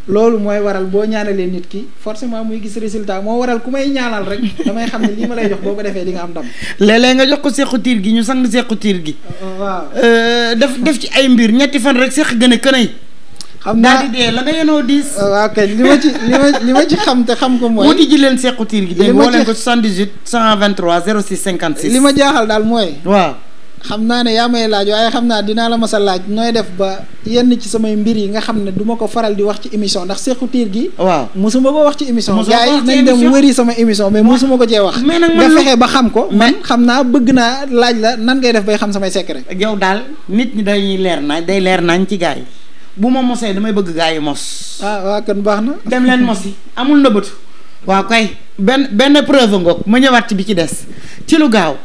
loolu mooy waral boo ñaanalee nit ki forcement muy gis résultat moo waral ku may ñaanal rek damay xam ne lii ma lay jox boo ko defee di nga am ndam. léeg-léeg nga jox sequtiir gi ñu sang sequtiir gi. waaw euh, def ci ay mbir ñetti fan rek seq gën a xam naa daal la nga yenoo diis. waaw kay li ma ci li ma ci xam te xam ko mooy. wuti ji leen sequtiir gi. li ma ci dégg woo leen ko 78 123 06 56. li ma jaaxal daal mooy. waaw. xam naa ne yaa may laaj waaye xam naa dinaa la mas laaj nooy def ba yenn ci samay mbir yi nga xam ne duma ko faral di wax ci émission ndax sequ tiir gi waaw mosuma ko wax ci émission gars yi nañ dem wëri sama émission mais mosuma ko cee wax nga fexe ba xam ko man xam naa bëgg naa laaj la nan ngay def bay xam samay sekk secret yow daal nit ñi day leer nañ day leer nañ ci gaa yi bu ma mosee damay bëgg gaa yi mos ah waaw kon baax na dem leen mos yi amul nëbbatu waaw kay benn benn preuve ngoog ma ñëwaat ci bi ci des ci lu gaaw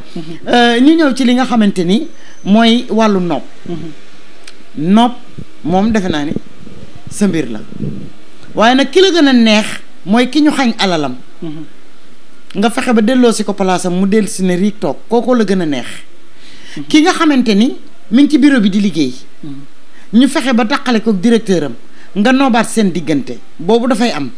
euh, ñu ñëw ci li nga xamante ni mooy wàllu nopp nopp moom defe naa ni sa mbir la waaye nag ki la gën a neex mooy ki ñu xañ alalam nga fexe ba delloo si ko palaasam mu dellu si ne riig toog kooku la gën a neex ki nga xamante ni mi ngi ci bureau bi di liggéey mm-hmm. ñu fexe ba taqale ko directeur am nga noobaat seen diggante boobu dafay am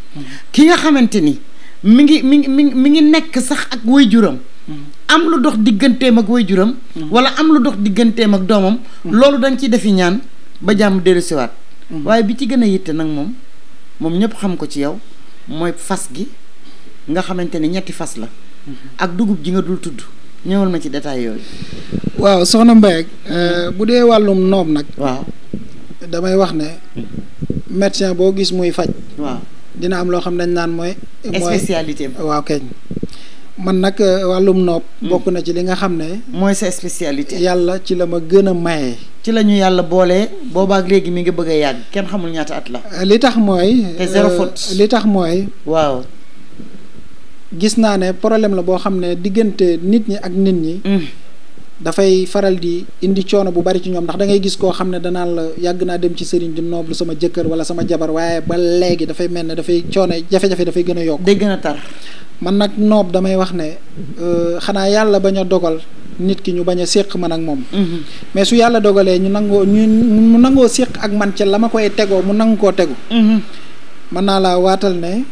ki nga xamante ni mu ngi mi ngi mi ngi mi ngi nekk sax ak waajuram mm. am lu dox digganteem ak waajuram mm. wala am lu dox digganteem ak doomam mm. loolu dañ ciy defi ñaan ba jàmm dellusiwaat waaye bi ci gën a yitte nag moom moom ñëpp xam ko ci yow mooy fas gi nga xamante ni ñetti fas la mm-hmm. ak dugub ji nga dul tudd ñëwal ma ci détail yooyu waaw soxna Mbaye euh, bu dee wàllum noob nag waaw damay wax ne médecin boo gis muy faj waaw dina am loo xam dañ naan mooy mooy spécialité waaw keñ man nag euh, wàllum nopp hmm. bokk na ci li nga xam ne mooy sa yàlla ci la ma gën a maye ci lañu yàlla boole boobaak léegi mi ngi bëgg a yàgg kenn xamul ñaata at la li tax mooy te euh, li tax mooy waaw gis naa ne problème la boo xam ne diggante nit ñi ak nit ñi hmm. dafay faral di indi coono bu bari ci ñoom ndax da ngay gis koo xam ne danaan la yàgg naa dem ci sëriñ di nooblu sama jëkkër wala sama jabar waaye ba léegi dafay mel ne dafay coono jafe-jafe dafay gën a yokk day gën man nag noob damay wax ne euh, xanaa yàlla bañ a dogal nit ki ñu bañ a séq man ak moom mhm. mais su yàlla dogalee ñu nangoo ñu mu nangoo séq ak man ca la ma koy tegoo mu nangu koo tegu mhm. mën naa la waatal ne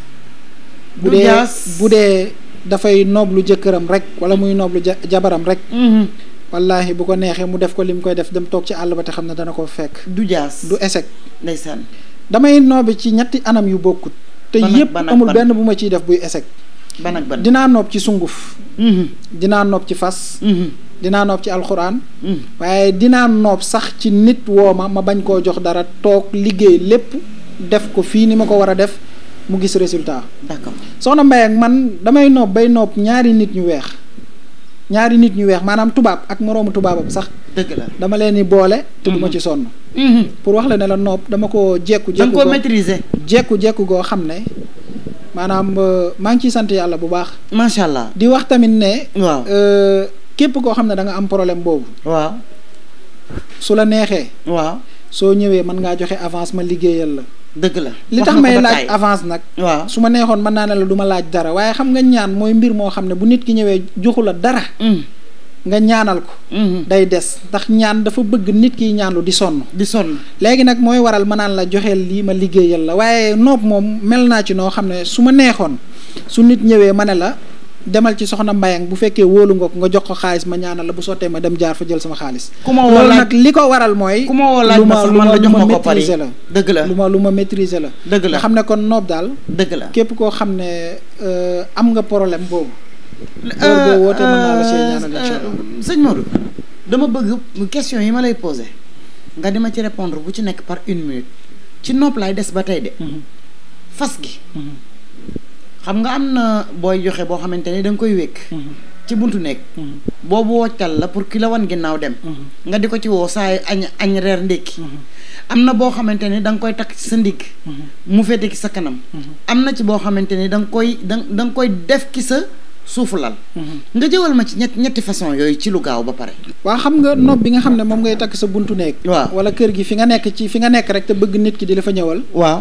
bu dee bu dee dafay lu jëkkëram rek wala muy nooblu jabaram rek mhm. wallaahi bu ko neexee mu def ko li mu koy def dem toog ci àll ba te xam ne dana ko fekk. du jaas du échec. ndeysaan damay noob ci ñetti anam yu bokkut. te yépp amul benn bu ma ciy def buy échec. ban ak dinaa noob ci sunguf. Mhm. dinaa noob ci fas. Mhm. dinaa noob ci alxuraan. Mhm. waaye dinaa noob sax ci nit woo ma ma bañ koo jox dara toog liggéey lépp def ko fii ni ma ko war a def mu gis résultat. soo soxna Mbaye ak man damay noob bay noob ñaari nit ñu weex. ñaari nit ñu weex maanaam tubaab ak moroomu tubaabam sax. dëgg la dama leen di boole. te du ma mhm. ci sonn. Mhm. pour wax la ne la nopp dama ko jekku. jekku goo maîtriser. jekku jekku goo xam ne maanaam euh, maa ngi ciy sant yàlla bu baax. macha allah di wax tamit ne. Euh, képp koo xam ne da nga am problème boobu. waaw su la neexee. waaw soo ñëwee mën ngaa joxe avance ma liggéeyal la. dëgg la li tax may laaj avance nag waaw su ma neexoon mën naa ne la duma laaj dara waaye xam nga ñaan mooy mbir moo xam ne bu nit ki ñëwee joxu la dara mm. nga ñaanal ko mm-hmm. day des ndax ñaan dafa bëgg nit kiy ñaanlu di sonn di sonn léegi nag mooy waral ma naan la joxeel lii ma liggéeyal la waaye noob moom mel naa ci noo xam ne su ma neexoon su nit ñëwee ma ne la demal ci soxna mbayang bu fekkee wóolu nga ko nga jox ko xaalis ma ñaanal la bu sottee ma dem jaar fa jël sama xaalis loolu nag li ko waral mooy lu ma lu ma lu ma maîtriser la dëgg la lu ma lu ma maîtriser la dëgg la xam ne kon noob daal dëgg la képp koo xam ne euh, am nga problème boobu boo euh, euh, dama bëgg question yi ma lay posé nga di ma ci répondre bu ci nekk par une minute ci nopp laay des ba tey de mm-hmm. fas gi mm-hmm. xam nga am na booy joxe boo xamante ne da nga koy wékk mhm. ci buntu nekk mhm. boobu woccal la pour ki la wan ginnaaw dem mhm. nga di ko ci woo saa añ añ reer ndékki am na boo xamante ne da nga koy takk ci sa ndigg mu féete ki sa kanam am na ci boo xamante ne da nga koy da da koy def ki sa suufu lal nga jëwal ma ci ñett ñetti façon yooyu ci lu gaaw ba pare waa xam nga nopp bi nga xam ne moom ngay takk sa buntu nekk waaw wala kër gi fi nga nekk ci fi nga nekk rek te bëgg nit ki di la fa ñëwal waa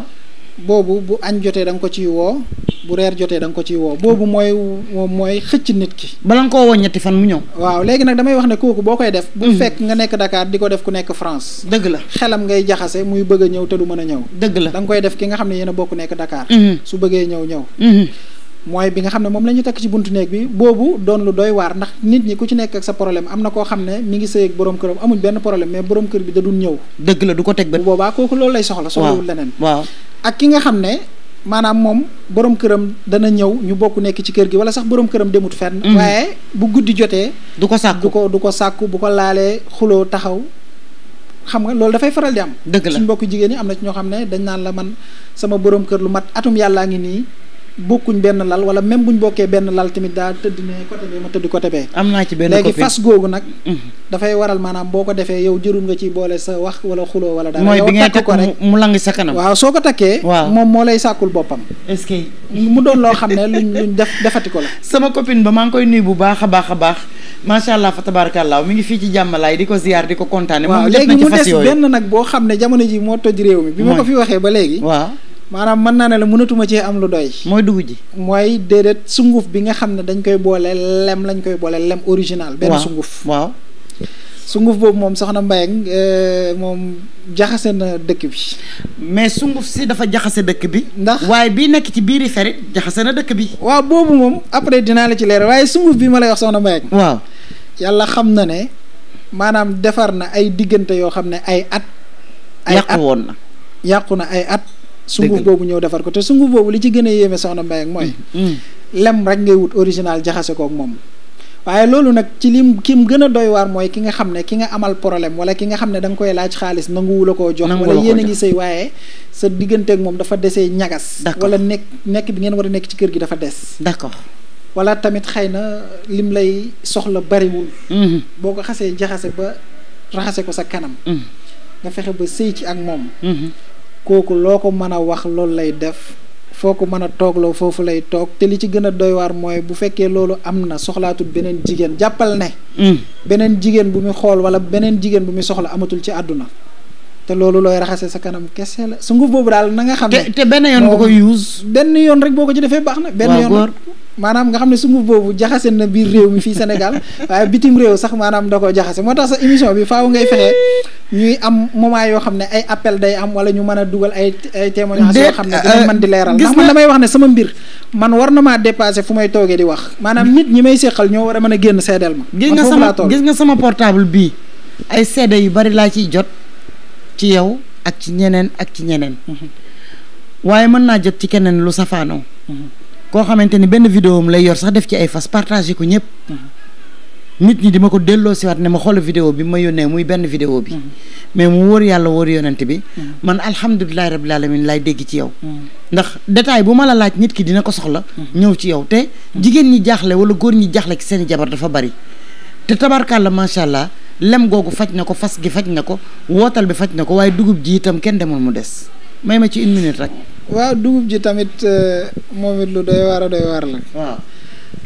boobu bu añ jotee da ko ciy woo bu reer jotee da ko ci woo boobu mooy mooy xëcc nit ki. bala nga koo woo ñetti fan mu ñëw. waaw léegi nag damay wax ne kooku boo koy def. bu hmm. fekk nga nekk dakaar di ko def ku nekk France. dëgg la xelam ngay jaxase muy bëgg ñëw te du mën a ñëw. dëgg la da koy def ki nga xam ne yéen a bokk nekk Dakar. Hmm. su bëggee ñëw ñëw. Hmm. mooy bi nga xam ne moom la ñu takk ci buntu néeg bi boobu doon lu doy waar ndax nit ñi ku ci nekk ak sa problème am na koo xam ne mi ngi sëy ak borom këram amuñ benn problème mais borom kër bi da dun ñëw. dëgg la du ko teg ba. boobaa kooku loolu lay soxla. soxlawul leneen waaw ak ki nga xam ne maanaam moom borom këram dana ñëw ñu bokk nekk ci kër gi wala sax borom këram demut fenn. Mhm. waaye bu guddi jotee. du ko sàkku du ko du ko sàkku bu ko laalee xuloo taxaw. xam nga loolu dafay faral di am. dëgg suñ mbokku jigéen ñi am na ci ñoo xam ne dañ naan la man sama borom kër lu mat atum yàllaa ngi nii. bokkuñ benn lal wala même buñ bokkee benn lal tamit daa tëdd ne côté bee ma tëdd côté bee. am naa ci benn léegi fas googu nag. Mhm. dafay waral maanaam boo ko defee yow jërul nga ci boole sa wax wala xuloo wala. dara yow takk ko rek mu lang sa waaw soo ko takkee. waaw moom moo lay sàkkul boppam. est mu doon loo xam ne luñ luñ def defati ko sama copine ba maa ngi koy nuyu bu baax a baax a baax macha allah fa tabarakallah mi ngi fii ci jàmmalaay di ko ziar di ko kontaane. moom léegi mu des benn nag boo xam ne jamono ji moo toj réew mi. bi ma ko fi waxee ba léegi waaw maanaam mën naa ne la mënatuma cee am lu doy. mooy dugub ji. mooy déedéet sunguf bi nga xam ne dañ koy boole lem lañ koy boole lem original. benn sunguf waaw sunguf boobu moom soxna Mbayang euh, moom jaxase na dëkk mais sunguf si dafa jaxase dëkk bi. ndax waaye bii nekk ci biir biiri ferit jaxase na dëkk bi. waaw boobu moom après dinaa la ci leer waaye sunguf bi ma lay wax soxna Mbayang. waaw yàlla xam na ne maanaam defar na ay diggante yoo xam ne ay at. ay at yàqu woon na yàqu na ay at. sunguf boobu ñëw defar ko te sunguf boobu li ci gën a yéeme soxna Mbaye ak mooy mm. Mm. lem rek ngay wut original jaxase kook moom waaye loolu nag ci lim ki mu gën a doy waar mooy ki nga xam ne ki nga amal problème wala ki nga xam ne da nga koy laaj xaalis nanguwu la ko jox wala yéen a ngi sëy waaye sa digganteeg moom dafa desee ñagas wala nekk nekk bi ngeen war a nekk ci kër gi dafa des d'accord wala tamit xëy na lim lay soxla bariwul mm. boo ko xasee jaxase ba raxase ko sa kanam fexe ba sëy ci ak moom mm-hmm. kooku loo ko mën a wax loolu lay def foo ko mën a toogloo foofu lay toog te li ci gën a doy waar mooy bu fekkee loolu am na soxlaatul beneen jigéen jàppal ne. Mm. beneen jigéen bu muy xool wala beneen jigéen bu muy soxla amatul ci àdduna. te loolu looy raxasee sa kanam kese la sunguf boobu daal na nga xam ne. te te benn yoon nga koy use. benn yoon rek boo ko ci defee baax na. benn yoon maanaam nga xam ne sunguf boobu jaxase na biir réew mi fii Sénégal waaye bitim réew sax maanaam da koo jaxase moo tax sa émission bi faaw ngay fexe ñuy am moment yoo xam ne ay appel day am wala ñu mën a dugal ay ay témoignages yoo xam ne dinañ euh, mën di leeral ndax man damay wax ne sama mbir man war na maa dépassé fu may toogee di wax maanaam nit ñi may séqal ñoo war a mën a génn seddal ma gis nga sama gis nga sama portable bi ay seede yu bari laa ciy jot ci yow ak ci ñeneen ak ci ñeneen mhm. waaye mën naa jot ci keneen lu safaanoo mhm. koo xamante ni benn vidéo am lay yor sax def ci ay fas partagé ko ñëpp nit ñi di ma ko delloo siwaat ne ma xool vidéo bi ma yónnee muy benn vidéo bi mais mu wóor yàlla wóor yonent bi man alhamdulilahi rabbil alamin lay dégg ci yow ndax détail bu ma la laaj nit ki dina ko soxla ñëw ci yow te jigéen ñi jaaxle wala góor ñi jaaxle ci seen jabar dafa bari te tabarkàlla macha allah lem googu faj na ko fas gi faj na ko wootal bi faj na ko waaye dugub ji itam kenn demul mu des may ma ci une minute rek. waaw dugub ji tamit euh, moom it lu doy waar a doy war la. waaw.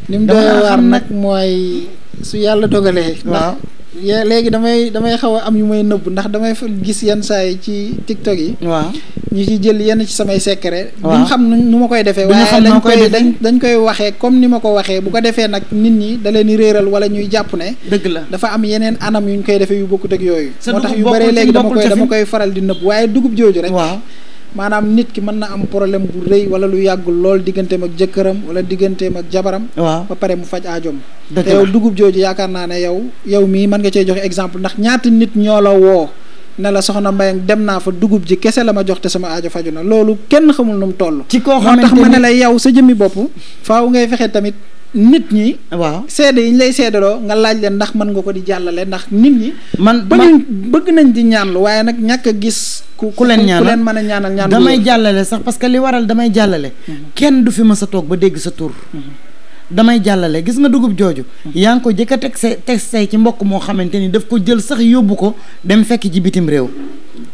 ni mu doy waar nag mooy su yàlla dogalee. waaw. yee léegi damay damay xaw a am yu may nëbb ndax damay gis yenn saa yi ci tiktok yi. waaw ñu ci jël yenn ci samay secret. waaw xam nu ma koy defee. waaye dañ koy dañ dañ koy waxee comme ni ma ko waxee bu ko defee nag nit ñi da leen di réeral wala ñuy jàpp ne. dëgg la dafa am yeneen anam yu ñu koy defee yu bokkut ak yooyu. moo tax yu bëree léegi dama koy dama koy faral di nëbb waaye dugub jooju rek. waaw maanaam nit ki mën na am problème bu rëy wala lu yàggul lool digganteem ak jëkkëram wala digganteem ak jabaram. waaw ba pare mu faj aajoom. te yow dugub jooju yaakaar naa ne yow yow mii mën nga cee joxe exemple ndax ñaata nit ñoo la woo ne la soxna Mbayang dem naa fa dugub ji kese la ma jox te sama aajo faju na loolu kenn xamul nu mu toll. ci koo xamante ni moo tax ma ne la yow sa jëmmi bopp faaw ngay fexe tamit. nit ñi. waaw seede yi ñu lay seedaloo nga laaj leen ndax mën nga ko di jàllale ndax nit ñi. man ba man bëgg nañ di ñaanlu waaye nag ñàkk a gis. ku ku leen ñaanal ku leen mën a ñaanal ñaanal damay jàllale sax parce que li waral damay jàllale. Mhm. kenn du fi mës a toog ba dégg sa tur. Mhm. damay jàllale gis nga dugub jooju. Mhm. yaa ngi ko jëkk a teg say teg say ci mbokk moo xamante ni daf ko jël sax yóbbu ko dem fekk ci bitim réew.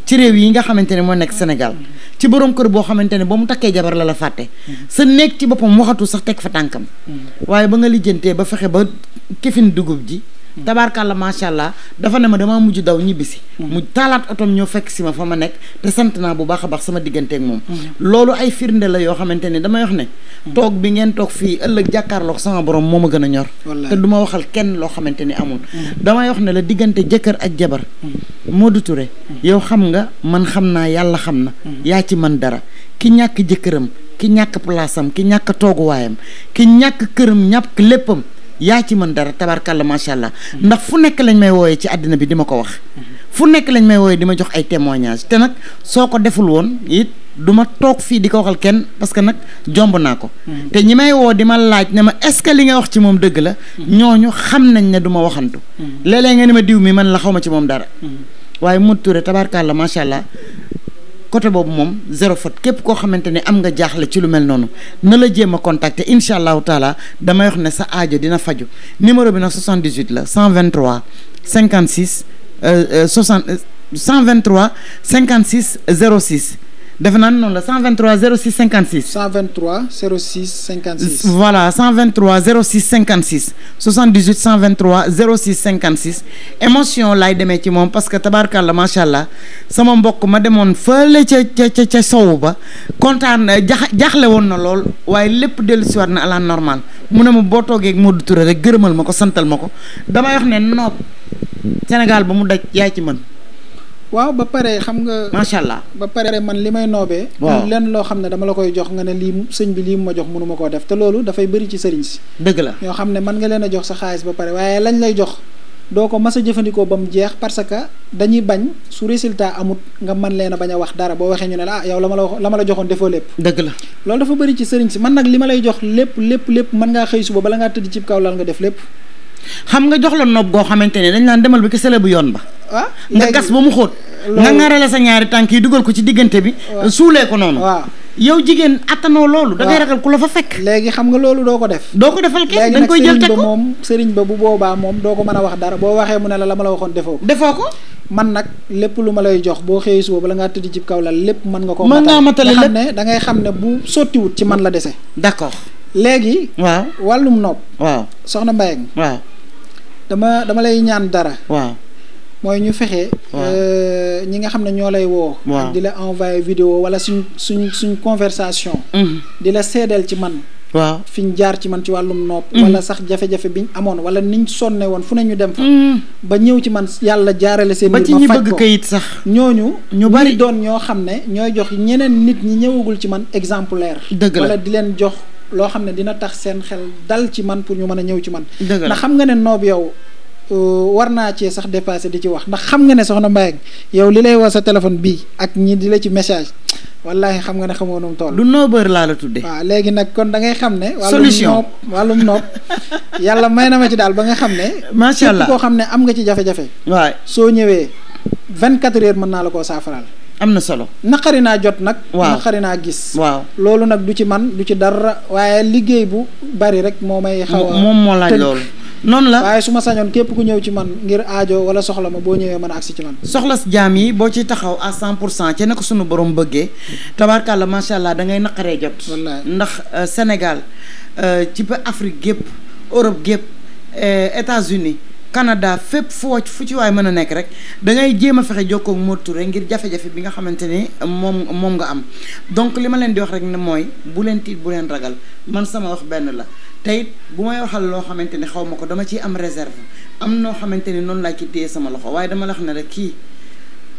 ci réew yi nga xamante ne moo nekk Sénégal. ci borom kër boo xamante ne ba mu takkee jabar la la fàtte sa néeg ci boppam waxatu sax teg fa tànkam mm-hmm. waaye ba nga lijjantee ba fexe ba kefin dugub ji tabaarkàlla macha allah dafa ne ma damaa mujj daw ñibbisi mm-hmm. mu taalaat otom ñoo fekk si ma fa ma nekk te sant naa bu baax a baax sama diggante ak moom mm-hmm. loolu ay firnde la yoo xamante ne damay wax ne mm-hmm. toog bi ngeen toog fii ëllëg jàkkaarloog sama borom moo ma gën a ñor te du ma waxal kenn loo xamante ni amul damay wax ne la diggante jëkkër ak jabar Modou Touré yow xam nga man xam naa yàlla xam na yaa ci man dara ki ñàkk jëkkëram ki ñàkk palaasam ki ñàkk tooguwaayam ki ñàkk këram ñàkk léppam yaa ci mën dara tabarkàlla macha allah ndax fu nekk lañ may wooyee ci àddina bi di ma ko wax fu nekk lañ may wooyee di ma jox ay témoignages te nag soo ko deful woon it du ma toog fii di ko waxal kenn parce que nag jomb naa ko te ñi may woo di ma laaj ne ma est-ce que li nga wax ci moom dëgg la ñoo ñooñu xam nañ ne du ma waxantu léeg-léeg nga ma diw mi man la xaw ma ci moom dara mm-hmm. waaye mu ture tabarkàlla macha allah côté boobu moom zéro faute képp koo xamante ni am nga jaaxle ci lu mel noonu na la jéem a contacter incha allahu taala dama wax ne sa aajo dina faju numéro bi na nag 78 la 123 56 60 123 zéro 06. defe naa noonu la 123 06 56. 123 06 56. voilà 123 06 56 78 123 06 56 émotion laay demee ci moom parce que tabaarkalla macha allah sama mbokk ma demoon fële ca ca ca ca sowu ba kontaan jax jaaxle woon na lool waaye lépp dellu dellusiwaat na à normal mu ne mu boo toogee moo du Touré rek gërëmal ma ko santal ma ko damay wax ne nopp Sénégal ba mu daj yaa ci mën. waaw ba pare xam nga. macha allah ba pare man li may noobee. waaw lenn loo xam ne dama la koy jox nga ne lii sëñ bi lii mu ma jox mënuma koo def te loolu dafay bëri ci sëriñ si. la ñoo xam ne mën nga leen a jox sa xaalis ba pare waaye lañ lay jox. doo ko mas a ba mu jeex parce que dañuy bañ su résultat amut nga mën leen a wax dara boo waxee ñu ne la ah la ma la wax la la joxoon defoo lépp. dëgg la loolu dafa bëri ci sëriñ si man nag li ma lay jox lépp lépp lépp mën ngaa xëy suba bala ngaa tëdd ci kaw laal nga def lépp. xam nga jox la nopp goo xamante ne dañ naan demal bi ki sele bu yoon ba. ah nga gas ba mu xóot. nga ngarale sa ñaari tànk yi dugal ko ci diggante bi. Euh, suulee ko noonu. waaw yow jigéen attanoo loolu. da ngay ragal ku la fa fekk. léegi xam nga loolu doo ko def. doo ko defal kenn dañ koy jël teg ko léegi nag ba moom sëriñ moom doo ko mën a wax dara boo waxee mu ne la la ma la waxoon defoo ko. man nag lépp lu ma lay jox boo xëyee suba bala ngaa tëdd ci kaw la lépp mën nga ko. mën ngaa matale lépp xam ne da ngay xam ne bu sottiwut ci man la dese. d'accord léegi. waaw wàllum nopp. waaw soxna Mbaye. waaw dama dama lay ñaan dara. waaw mooy ñu fexe. Euh, ñi nga xam ne ñoo lay woo. ak di la envoyé vidéo wala suñ suñ suñ conversation. Mm. di la seedeel ci man. waaw fi ñu jaar ci man ci wàllum nopp. Mm. wala sax jafe-jafe biñ amoon wala niñ sonne woon fu ne ñu dem fa. Mm. ba ñëw ci man yàlla jaarale seen. ba ci ñi bëgg kayit sax ñooñu. ñu bari doon ñoo xam ne ñooy jox ñeneen nit ñi ñëwagul ci man exemplaire. dëgg la wala di leen jox loo xam ne dina tax seen xel dal ci man pour ñu mën a ñëw ci man. dëgg la ndax xam nga ne noob yow. Euh, war naa cee sax dépassé di ci wax ndax xam nga ne soxna Mbaye yow li lay woo sa téléphone bii ak ñi di la ci message wallahi xam nga ne xamoo nu mu toll. du noobër laa la tuddee. waaw léegi nag kon dangay xam ne. solution wàllum noob wàllum yàlla may na ma ci daal ba nga xam ne. macha la koo xam ne am nga ci jafe-jafe. soo ñëwee 24 heures mën naa la koo saafaraal. am na solo naqari naa jot nag. waaw naqari naa gis. waaw loolu nag du ci man du ci dara waaye liggéey bu bari rek moo may. xaw moom moo laaj loolu. noonu la waaye su ma sañoon képp ku ñëw ci man ngir aajo wala soxla ma boo ñëwee man a agsi ci man. soxla jaam yi boo ci taxaw à 100 pour cent ci na ko sunu borom bëggee tabaarkàlla macha allah da ngay naqaree jot. ndax euh, Sénégal euh, ci ba Afrique gépp Europe gépp euh, États-Unis Canada fépp foo fu ci waay mën a nekk rek da ngay jéem a fexe jokkoo ak Mor Touré ngir jafe-jafe bi nga xamante ni moom moom nga am donc li ma leen di wax rek ne mooy bu leen tiit bu leen ragal man sama wax benn la tey bu may waxal loo xamante ni xaw ma ko dama ciy am réserve am noo xamante ni noonu laa ci téye sama loxo waaye dama la wax ne rek kii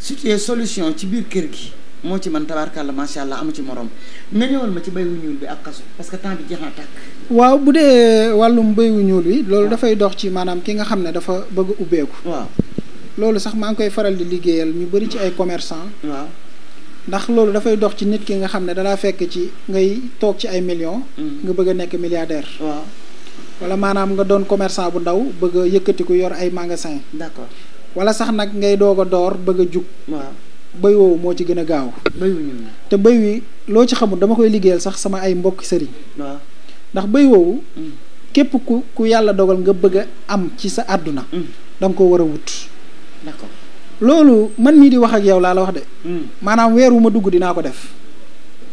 su solution ci biir kër gi. moo ci man tabaarkàlla macha allah amu ci morom nga ma ci béy wu ñuul bi ak kaso parce que temps bi jeex na tàkk. waaw bu dee wàllum béy wu ñuul bi. loolu dafay dox ci maanaam ki nga xam ne dafa bëgg a ubbeeku. waaw loolu sax maa ngi koy faral di liggéeyal ñu bëri ci ay commerçant. waaw ndax loolu dafay dox ci nit ki nga xam ne dalaa fekk ci ngay toog ci ay millions. Mm. nga bëgg nekk milliardaire. waaw wala maanaam nga doon commerçant bu ndaw bëgg a yëkkati ku yor ay magasin. d'accord wala sax nag ngay doog a door bëgg a jug. béy woowu moo ci gën a gaaw. te béy wi loo ci xamul dama koy liggéeyal sax sama ay mbokk sëriñ. ndax béy woowu. Mm. képp ku ku yàlla dogal nga bëgg a am ci sa àdduna. Mm. da nga ko war a wut. d'accord loolu man mii di wax ak yow laa la wax de. Mm. maanaam weer wu ma dugg dinaa ko def.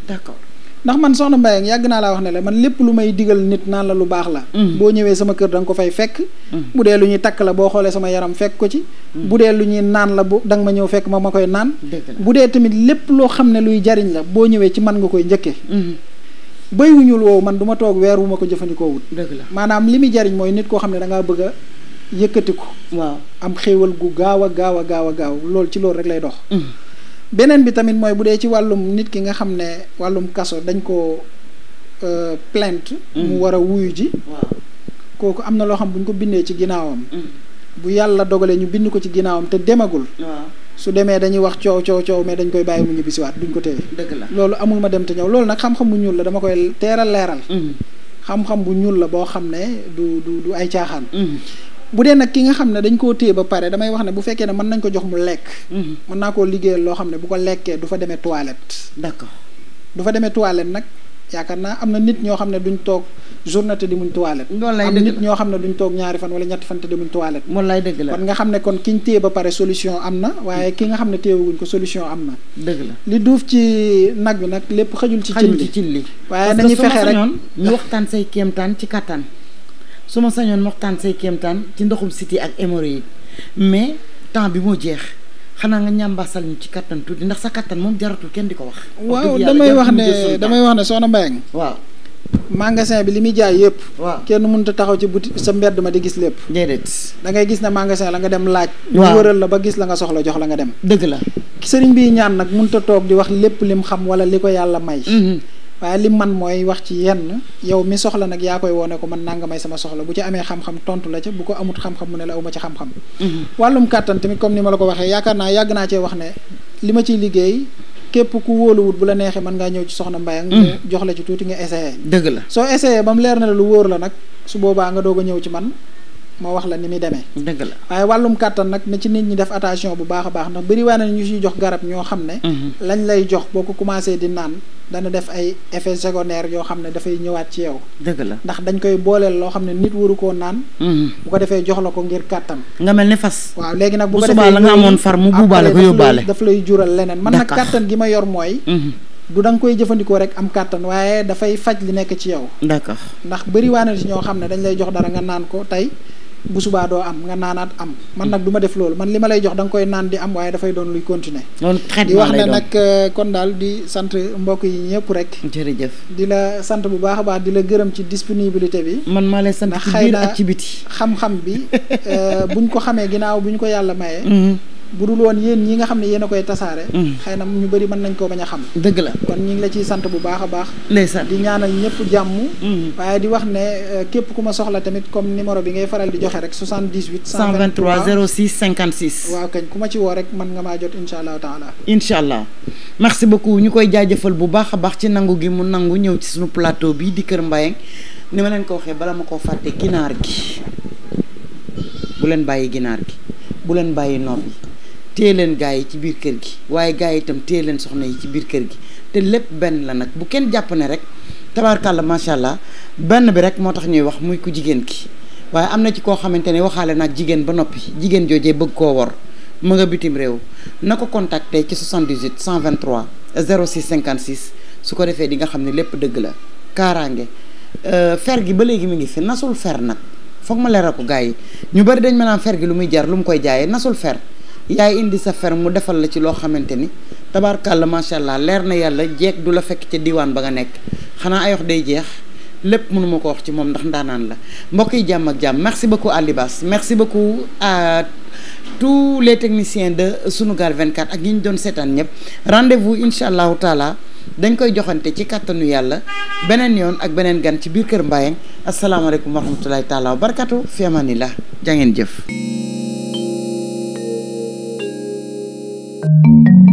d'accord ndax man soxna Mbaye yàgg naa laa wax ne la man lépp lu may digal nit naan la lu baax la mm. boo ñëwee sama kër da ko fay fekk mm. bu dee lu ñuy takk la boo xoolee sama yaram fekk ko ci mm. bu dee lu ñuy naan la bu danga ma ñëw fekk ma ma koy naan bu dee tamit lépp loo xam ne luy jariñ la boo ñëwee ci man nga koy njëkkee béy wu ñuul woowu man du toog weer wu ma ko jëfandikoo wut maanaam li muy jariñ mooy nit koo xam ne da ngaa bëgg a yëkkati ko waaw am xéewal gu gaaw a gaaw a gaaw a gaaw loolu ci loolu rek lay dox beneen bi tamit mooy bu dee ci wàllum nit ki nga xam ne wàllum kaso dañ koo euh, plainte mm. mu war a wuyu ji kooku am na loo xam bu ñu ko bindee ci ginnaawam mm. bu yàlla dogalee ñu bind ko ci ginnaawam te demagul su demee dañuy wax coow coow coow mais dañ koy bàyyi mu ñibbisiwaat bisiwaat duñ ko téye loolu amul ma dem te ñëw loolu nag xam-xam bu ñuul la dama koy teeral leeral mm. xam-xam bu ñuul la boo xam ne du du du ay caaxaan bu dee nag ki nga xam ne dañ koo téye ba pare damay wax ne bu fekkee ne mën nañ ko jox mu lekk mhm. mën naa koo liggéeyal loo xam ne bu ko lekkee du fa demee toilette du fa demee toilette nag yaakaar naa am na nit ñoo xam ne duñ toog journée te di muñ toilette am nit ñoo xam ne duñ toog ñaari fan wala ñetti fan te di muñ toilette wallaay kon nga xam ne kon kiñ téye ba pare solution am na waaye mhm. ki nga xam ne téyewuñ ko solution am na dëgg la li duuf ci nag bi nag lépp xajul ci cin li waaye nañu fexe rek ñu waxtaan say kéemtaan ci kattan su ma sañoon waxtaan say kéemtaan ci ndoxum siti ak yi mais temps bi moo jeex xanaa nga ñàmbaasal ñu ci kattan tuuti ndax sa kattan moom jaratul kenn di ko wax. waaw damay wax ne damay wax ne soxna Mbayang waaw. magasin bi li muy jaay yëpp. waaw kenn mun ta taxaw ci buti sa mbedd ma di gis lépp. déedéet da ngay gis ne magasin la nga dem laaj. waaw ñu wëral la ba gis la nga soxla jox la nga dem. dëgg la sëriñ bi ñaan nag mënut a toog di wax lépp lim xam wala li ko yàlla may. Mm-hmm. waaye li man mooy wax ci yenn yow mi soxla nag yaa koy woone ko man nanga may sama soxla bu ci amee xam-xam tontu la ca bu ko amut xam-xam mu ne la awma ci xam-xam mm-hmm. wàllum kàttan tamit comme ni ma la ko waxee yaakaar naa yàgg naa cee wax ne li ma ciy liggéey képp ku wóoluwut bu la neexee mën ngaa ñëw ci soxna Mbaye ak mm-hmm. jox la ci tuuti nga essayé dëgg la soo essayé ba mu leer na la lu wóor la nag su boobaa nga doog a ñëw ci man ma wax la ni muy demee. dëgg la waaye wàllum kàttan nag na ci nit ñi def attention bu baax a baax ndax bëriwaa na ñu siy jox garab ñoo xam ne. Mhm. lañ lay jox boo ko commencé di naan dana def ay effets secondaires yoo xam ne dafay ñëwaat ci yow. dëgg la ndax dañ koy booleel loo xam ne nit waru koo naan. Mhm. bu ko defee jox la ko ngir kàttan. nga mel ni fas. waaw léegi nag bu ko defee subaa nga amoon far mu buubaale ko yóbbaale. daf lay jural leneen man nag kàttan gi ma yor mooy. Mhm. du da nga koy jëfandikoo rek am kàttan waaye dafay faj li nekk ci yow. d'accord ndax bëriwaane si ñoo xam ne dañ lay jox dara nga naan ko tey bu subaa doo am nga naanaat am. man nag du ma def loolu man li ma lay jox danga koy naan di am waaye dafay doon luy continuer. loolu di wax ne nag euh, kon daal di sant mbokk yi ñëpp rek. jërëjëf di la sant bu baax a baax di la gërëm ci disponibilité bi. man maa lay sant ci biir ak ci biti xëy xam-xam bi euh, buñ ko xamee ginnaaw ñu ko yàlla maye mm-hmm. bu dul woon yéen ñi nga xam ne yéen a koy tasaare mm. xëy na ñu bari mën nañ koo bañ a xam dëgg la kon ñu ngi la ciy sant bu baax a baax ndeysaan di ñaanal ñëpp jàmm mm. waaye di wax ne euh, képp ku ma soxla tamit comme numéro bi ngay faral di joxe rek 78 123 06 56 waaw kañ ku ma ci woo rek mën nga maa jot incha allahu taala incha allah merci beaucoup ñu koy jaajëfal bu baax a baax ci nangu gi mu nangu ñëw ci suñu plateau bi di Kër Mbayang ni ma leen ko waxee bala ma koo fàtte ginaar gi bu leen bàyyi ginaar gi bu leen bàyyi noor téye leen gars yi ci biir kër gi waaye gars yi itam téye leen soxna yi ci biir kër gi te lépp benn la nag bu kenn jàpp ne rek tabarkàlla macha allah benn bi rek moo tax ñuy wax muy ku jigéen ki waaye am na ci koo xamante ne waxaale naag jigéen ba noppi jigéen joojee bëgg koo wor mu nga bitim réew na ko contacter ci 78 123 06 56 su ko defee di nga xam ne lépp dëgg la kaaraange euh, fer gi ba léegi mu ngi fi nasul fer nag foog ma leeral ko gars yi ñu bari dañ ma naan fer lu muy jar lu mu koy jaayee nasul fer. yaay indi sa fer mu defal la ci loo xamante ni tabaarkàlla macha allah leer na yàlla jeeg du la fekk ca diwaan ba nga nekk xanaa ayox day jeex lépp mënu ko wax ci moom ndax ndaanaan la mbokk yi jàmm ak jàmm merci beaucoup Alibas merci beaucoup à tous les techniciens de Sunugal 24 ak ñi ñu doon seetaan ñëpp rendez-vous incha allahu taala dañ koy joxante ci kàttanu yàlla beneen yoon ak beneen gan ci biir kër Mbayang asalaamaaleykum wa rahmatulahi taala wa barakatu fi thank you